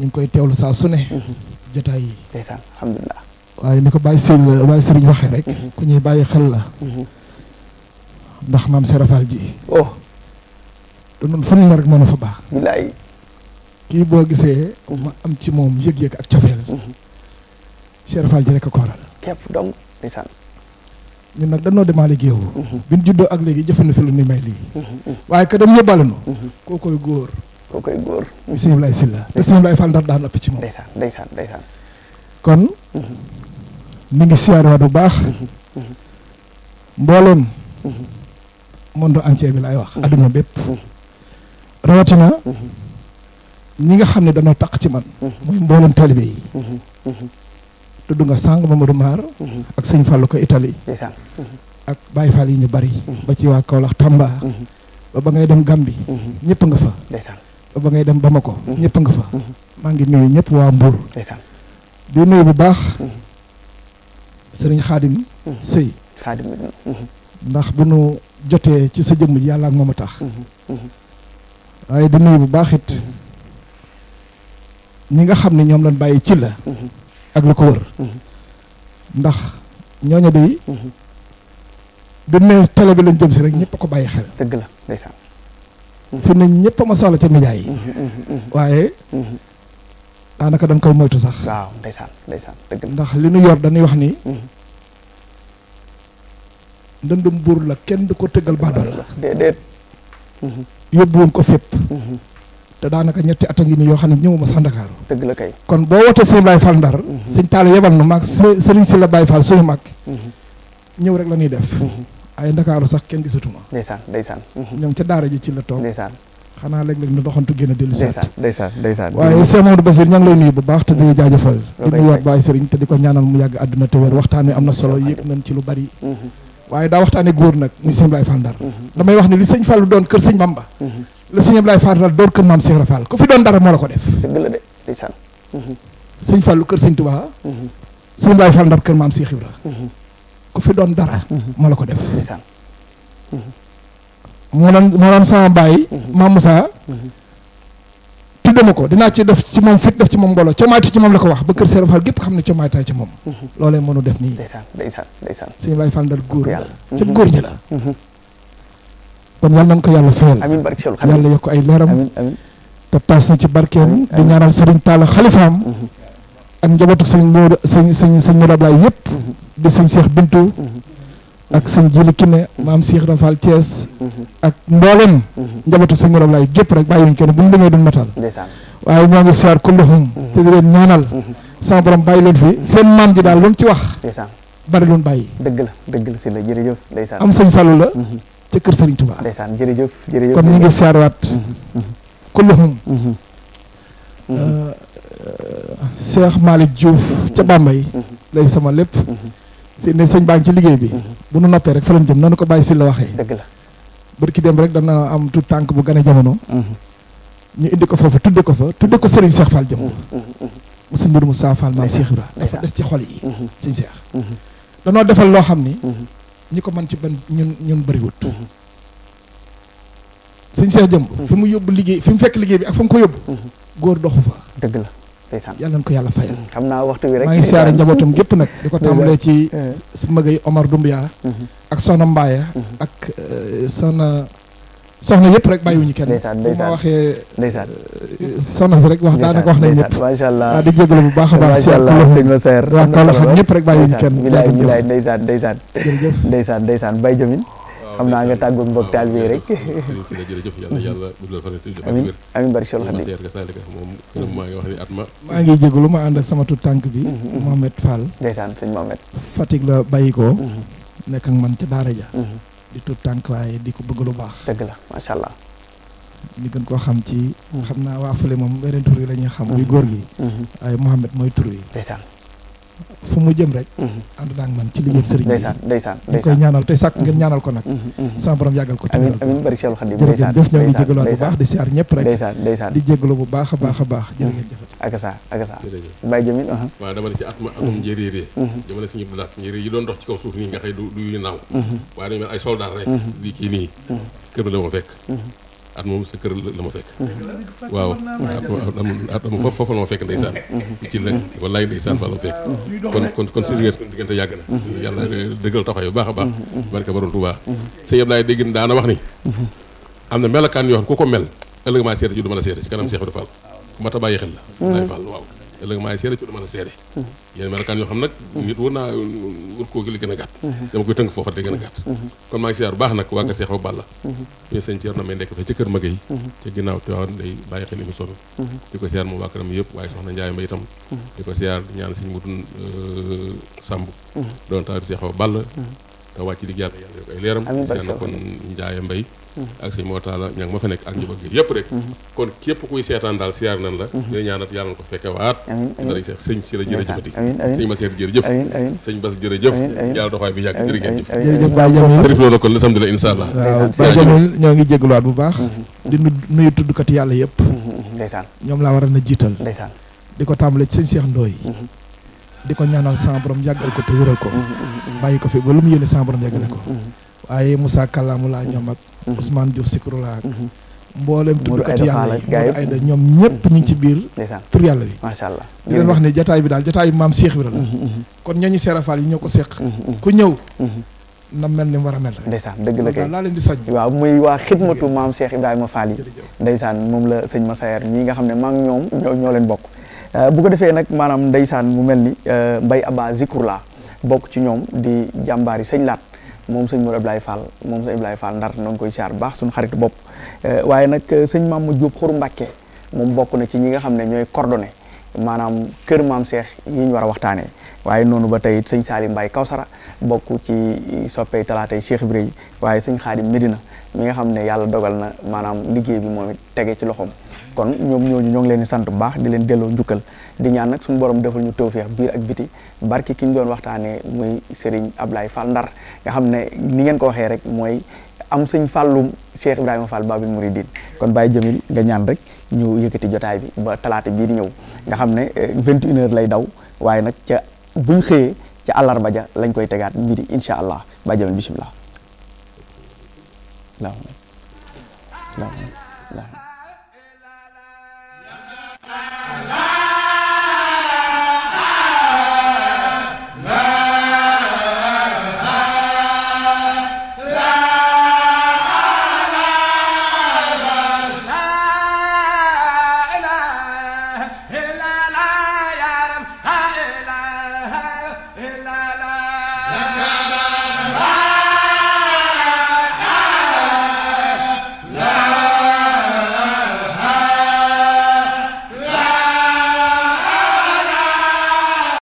ngi koy teewlu saa su ne. Mhm. jotaay yi. ndeysaan alhamdulilah. waaye ni ko Baye Serigne Baye Serigne waxee rek. ku ñuy bàyyi xel la. ndax maam Serafal ji. Oh. te noonu fu mu ne rek mën na fa baax. kii boo gisee ma am ci moom yëg-yëg ak cofeel. Mhm. Cheikh Fall ji rek a ko waral. képp dong ndeysaan. ñun nag dañoo demaale géew. Mhm. bi ñu juddoo ak léegi jëfandu fi lu ni may lii. Mhm, waaye que dem yóbbaale koo koy góor. koo koy góor. monsieur Ibrahima Sylla. te sëñ Ibrahima Fall Ndar daan ëpp ci moom. ndeysaan ndeysaan ndeysaan. kon. mi ngi siyaarewaat bu baax. mbooloom. monde entier bi laay wax. adduna bépp. rawatina ñi nga xamne dañu tak ci man moy mbolam talibé yi tuddu nga sang Mamadou Mar ak seigne Fallou ko italy ak Baye Fall yi ñu bari ba ci wa kaolax Tamba ba ba ngay dem Gambi ñepp nga fa ba ba ngay dem Bamako ñepp nga fa ma ngi nuyu ñepp wa Mbour di nuyu bu baax sëriñ khadim sey khadim ndax bu nu joté ci sa jëmm yalla ak moom tax waaye di nuyu bu baax it ñi nga xam ne ñoom lañ bàyyi ci la ak lu ko wër ndax ñooñu day bi ne télé bi lañ jëm si rek ñëpp ko bàyyi xel dëgg la ndeysaan fi ne ñëpp a ma soxla ca média yi waaye daanaka dañ koy moytu sax waaw ndeysaan ndeysaan dëgg ndax li nu yor dañuy wax ni ndëndum buur la kenn du ko tëggal baadoo la yóbbu woon ko fépp mhm. te daanaka ñetti at a ngi nii yoo xam ne ñëwuma sax Ndakaaru dëgg la kay kon boo wootee sëñ Baye Fall Ndar mhm. sëñ Talla yebal nu maag sëriñ si la Baye Fall suñu mag mhm. ñëw rek la ñuy def ay Ndakaaru sax kenn gisatuma ndeysaan ndeysaan ñoom ca daara ji ci la toog ndeysaan xanaa léeg-léeg na doxantu gën a dellu seet ndeysaan ndeysaan waaye Cheikh Mamadou Basir ña ngi lay nuyu bu baax te di jaajëfal di nuyuwaat Baye Sëriñ te di ko ñaanal yàgg àdduna te wér waxtaan wi am na solo yëg nañ ci lu bari waaye daa waxtaane góor nag muy sëñ Ablaye Fall Ndar damay wax ne li sëñ Fallu doon kër sëñ Bamba la sëñ Ablaye Fall Ndar doon kër maam Cheikh Ibra Fall ku fi doon dara ko de ndeysaan sëñ Fallu kër sëñ Tuubaa sëñ Ablaye Fall Ndar kër maam Cheikh Ibra ku fi doon dara moo la ko def ndeysaan moo doon moo doon sama baay dama ko dinaa ci def ci mom fit def ci moom ci maati ci mom la ko wax ba keur Serigne Fall gépp xam ne comaataay ci mom mhm. lolé mënu def ni ndeysaan ndeysaan ndeysaan Serigne lay Fall ndal góor la ci góor ñi la mhm. kon yalla nang ko yalla fayal amin barke sul Khadim yàlla yokk ay leeram amiin amiin te taas ci di ñaanal Serigne mhm. Modou Modou Cheikh Bintou ak sëñ Jili Kine maam Cheikh Rafal Thiès. Mhm. ak mboolem. Mhm. njabootu sëñ Moroom laay gépp rek bàyyiwuñ kenn bu ñu demee duñ matal. waaye ñoo ngi siyaar kulluhum. Mhm. te di leen ñaanal. sama borom bàyyi leen fi seen maam daal lu ci wax. bari lu mu bàyyi. dëgg la dëgg la si la jërëjëf. am sëñ Fallou la. ca kër Serigne Touba. ndeysaan jërëjëf jërëjëf. kon ñu ngi siyaaraat. kulluhum. Euh, euh, Cheikh Malick Diouf ca Bambey. lay sama lépp. ne sëñ baa ngi ci liggéey bi bu nu noppee rek fa lañ jëm noonu ko bàyyi si la waxee dëgg ki dem rek dana am tout tànk bu gën a jamono mm-hmm. ñu indi ko foofu tudde ko fa tudde ko Serigne Cheikh Fall jëm mm-hmm. mm-hmm. mu sëñ Modou Moussa Fall maam Cheikh ci xol yi danoo defal loo xam ni ñi ko mën ci ban ñun ñun bëriwut sëñ Cheikh jëm fi mu yóbbu liggéey fi mu fekk liggéey bi ak fa mu ko yóbbu góor doxu fa yàlla nañ ko yàlla fayal mm, xam naa waxtu bi rek maa ngi siyaare njabootam gépp nag mm-hmm. mm-hmm. Omar Dumbia, mm-hmm. ak soxna Mbaye ak euh, soxna soxna yëpp rek bàyyiwuñu kenn ndeysaan ndeysaan ma waxee ndeysaan euh, rek wax daanaka wax nañ ñëpp macha allah di jégalu bu baax baax macha allah sëñ ma seer waa rek kenn xam naa nga tàggu mbokk taal rek jërëjëf yàlla sol xam ma ngi jégalu ma ànd ak sama tut tànk bi mhm. Mohamed Fall ndeysaan sëñ Mohamed Fatick la bàyyikoo mhm. nekk ak man ca daara ja mhm. di tut tànk waaye di ko bëgg lu baax dëgg la macha allah ñu gën koo xam ci yi xam gi yi fu mu jëm rek mhm. ànd naa ak man ci liggéeyam sëriñ ndeysaan ndeysaan ñu koy ñaanal tey sàkk ngeen mhm. ñaanal ko nag mhm, sama borom yàggal ko amiin amiin bari Cheikh Khadim jërëjëf jëf ñoo ngi jégaluwaat bu baax di siyaar ñëpp rek di jégalu bu baax a baax a baax jërë ngeen jëf ak bàyyi jëmin waaw dama ne ci at ma atum njëriñ dama ne suñu blaat njëriñ yi doon dox ci kaw suuf nii nga xëy du yu naaw waaye dañu mel ay soldat rek di kii nii kër la ma fekk at moom sa kër la ma fekk waaw at moom foofu la ma fekk ndeysaan ci la wallaay ndeysaan fa la ma fekk kon kon kon seen wees diggante yàgg na yàlla dëggal taxawaay baax a baax barke borom Tuubaa sëñ Abdoulaye dégg daana wax ni am na melokaan yoo xam ku ko mel ëllëg maa seeta ji du mën seeta ci kanam Seex Ibra Fall ku ma ta xel la Baay Fall waaw ëllëg maay seede ci du mën a seede yeneen melokaan yoo xam nag nit war foofa te baax nag waa kër Seex Awa Balla ñu sëñ Ceerno may nekk fa ci kër Maguette ca ginnaaw te wax day bàyyi xel émission bi di ko siyaar moom waa këram yëpp waaye soxna Njaay ma itam di ko siyaar ñaan sëñ Mudu euh, Sàmb doon taal Seex Awa Balla te wàcc liggéey yàlla yàlla yokk ay leeram seen kon njaay mbay mm-hmm. ak sëñ moo taala ña ngi ma fa nekk ak njaboot gi yëpp rek mm-hmm. kon képp kuy seetaan daal siyaar nan la mm-hmm. dina ñaanat yàlla na ko fekke waat dara seex sëñ si la jërëjëfati sëñ ma seet jërëjëf sëñ bas jërëjëf yàlla doxaay bi yàgg jërëjëf jërëjëf Baye Jamil sërif ñoo ngi jégaluwaat bu baax di nuyu tuddkat yàlla yëpp ndeysaan ñoom laa waroon a jiital ndeysaan di ko tàmbale ci sëñ Seex Ndooy di ko ñaanal sama borom yàggal ko te wéral ko bàyyi ko fi ba lu mu yéene sama borom yàggale ko waaye Moussa Kallaamu laa ñoom ak Ousmane Diouf Sikru laa ak mboolem tuddkat yàlla yi ay da ñoom ñëpp ñu ci biir tur yàlla bi macha allah leen wax ne jataay bi daal jataay bi maam Cheikh bi la mm-hmm, mm-hmm. kon ñooñu seerafaal yi ñoo ko seq mm-hmm, ku ñëw na mel ni mu war a mel rek ndeysaan laa leen di sañ waaw muy waa xidmatu maam Cheikh Ibrahima Fall yi ndeysaan moom la sëñ Massaer ñi nga xam ne maa ngi ñoom ñoo leen bokk Euh, bu ko defee nag maanaam ndeysaan mu mel ni euh, Mbaye Abba Zikrula bokk ci ñoom di jàmbaar yi sëñ laat moom sëñ Mour Ablaye Fall moom sëñ Ablaye Fall ndar noonu koy siyaar bu baax suñ xarit bopp euh, waaye nag sëñ Maam Diop Xuru Mbàkke moom bokk na ci ñi nga xam ne ñooy coordonné maanaam kër maam Seex yi ñu war a waxtaanee waaye noonu ba tey sëñ Saali Mbaye Kawsara bokk ci soppey talaatay Cheikh Ibrahima waaye sëñ Xaadim Medina ñu nga xam ne yàlla dogal na maanaam liggéey bi moom it tege ci loxoom kon ñoom ñooñu ñoo ngi leen di sant bu baax di leen delloo njukkal di ñaan nag suñu borom defal ñu tawfeex biir ak biti barki ki ñu doon waxtaanee muy Serigne Ablaye Fall Ndar nga xam ne ni ngeen ko waxee rek mooy am sëñ fàllum Cheikh Ibrahima Fall Babil Mouridine kon baay Jamil nga ñaan rek ñu yëkkati jotaay bi ba talaate bii di ñëw nga xam ne 21 eh, heures lay daw waaye nag ca buñ xëyee ca àllarba lañ koy tegaat midi incha allah Baye Jamil bisimilah. la, la.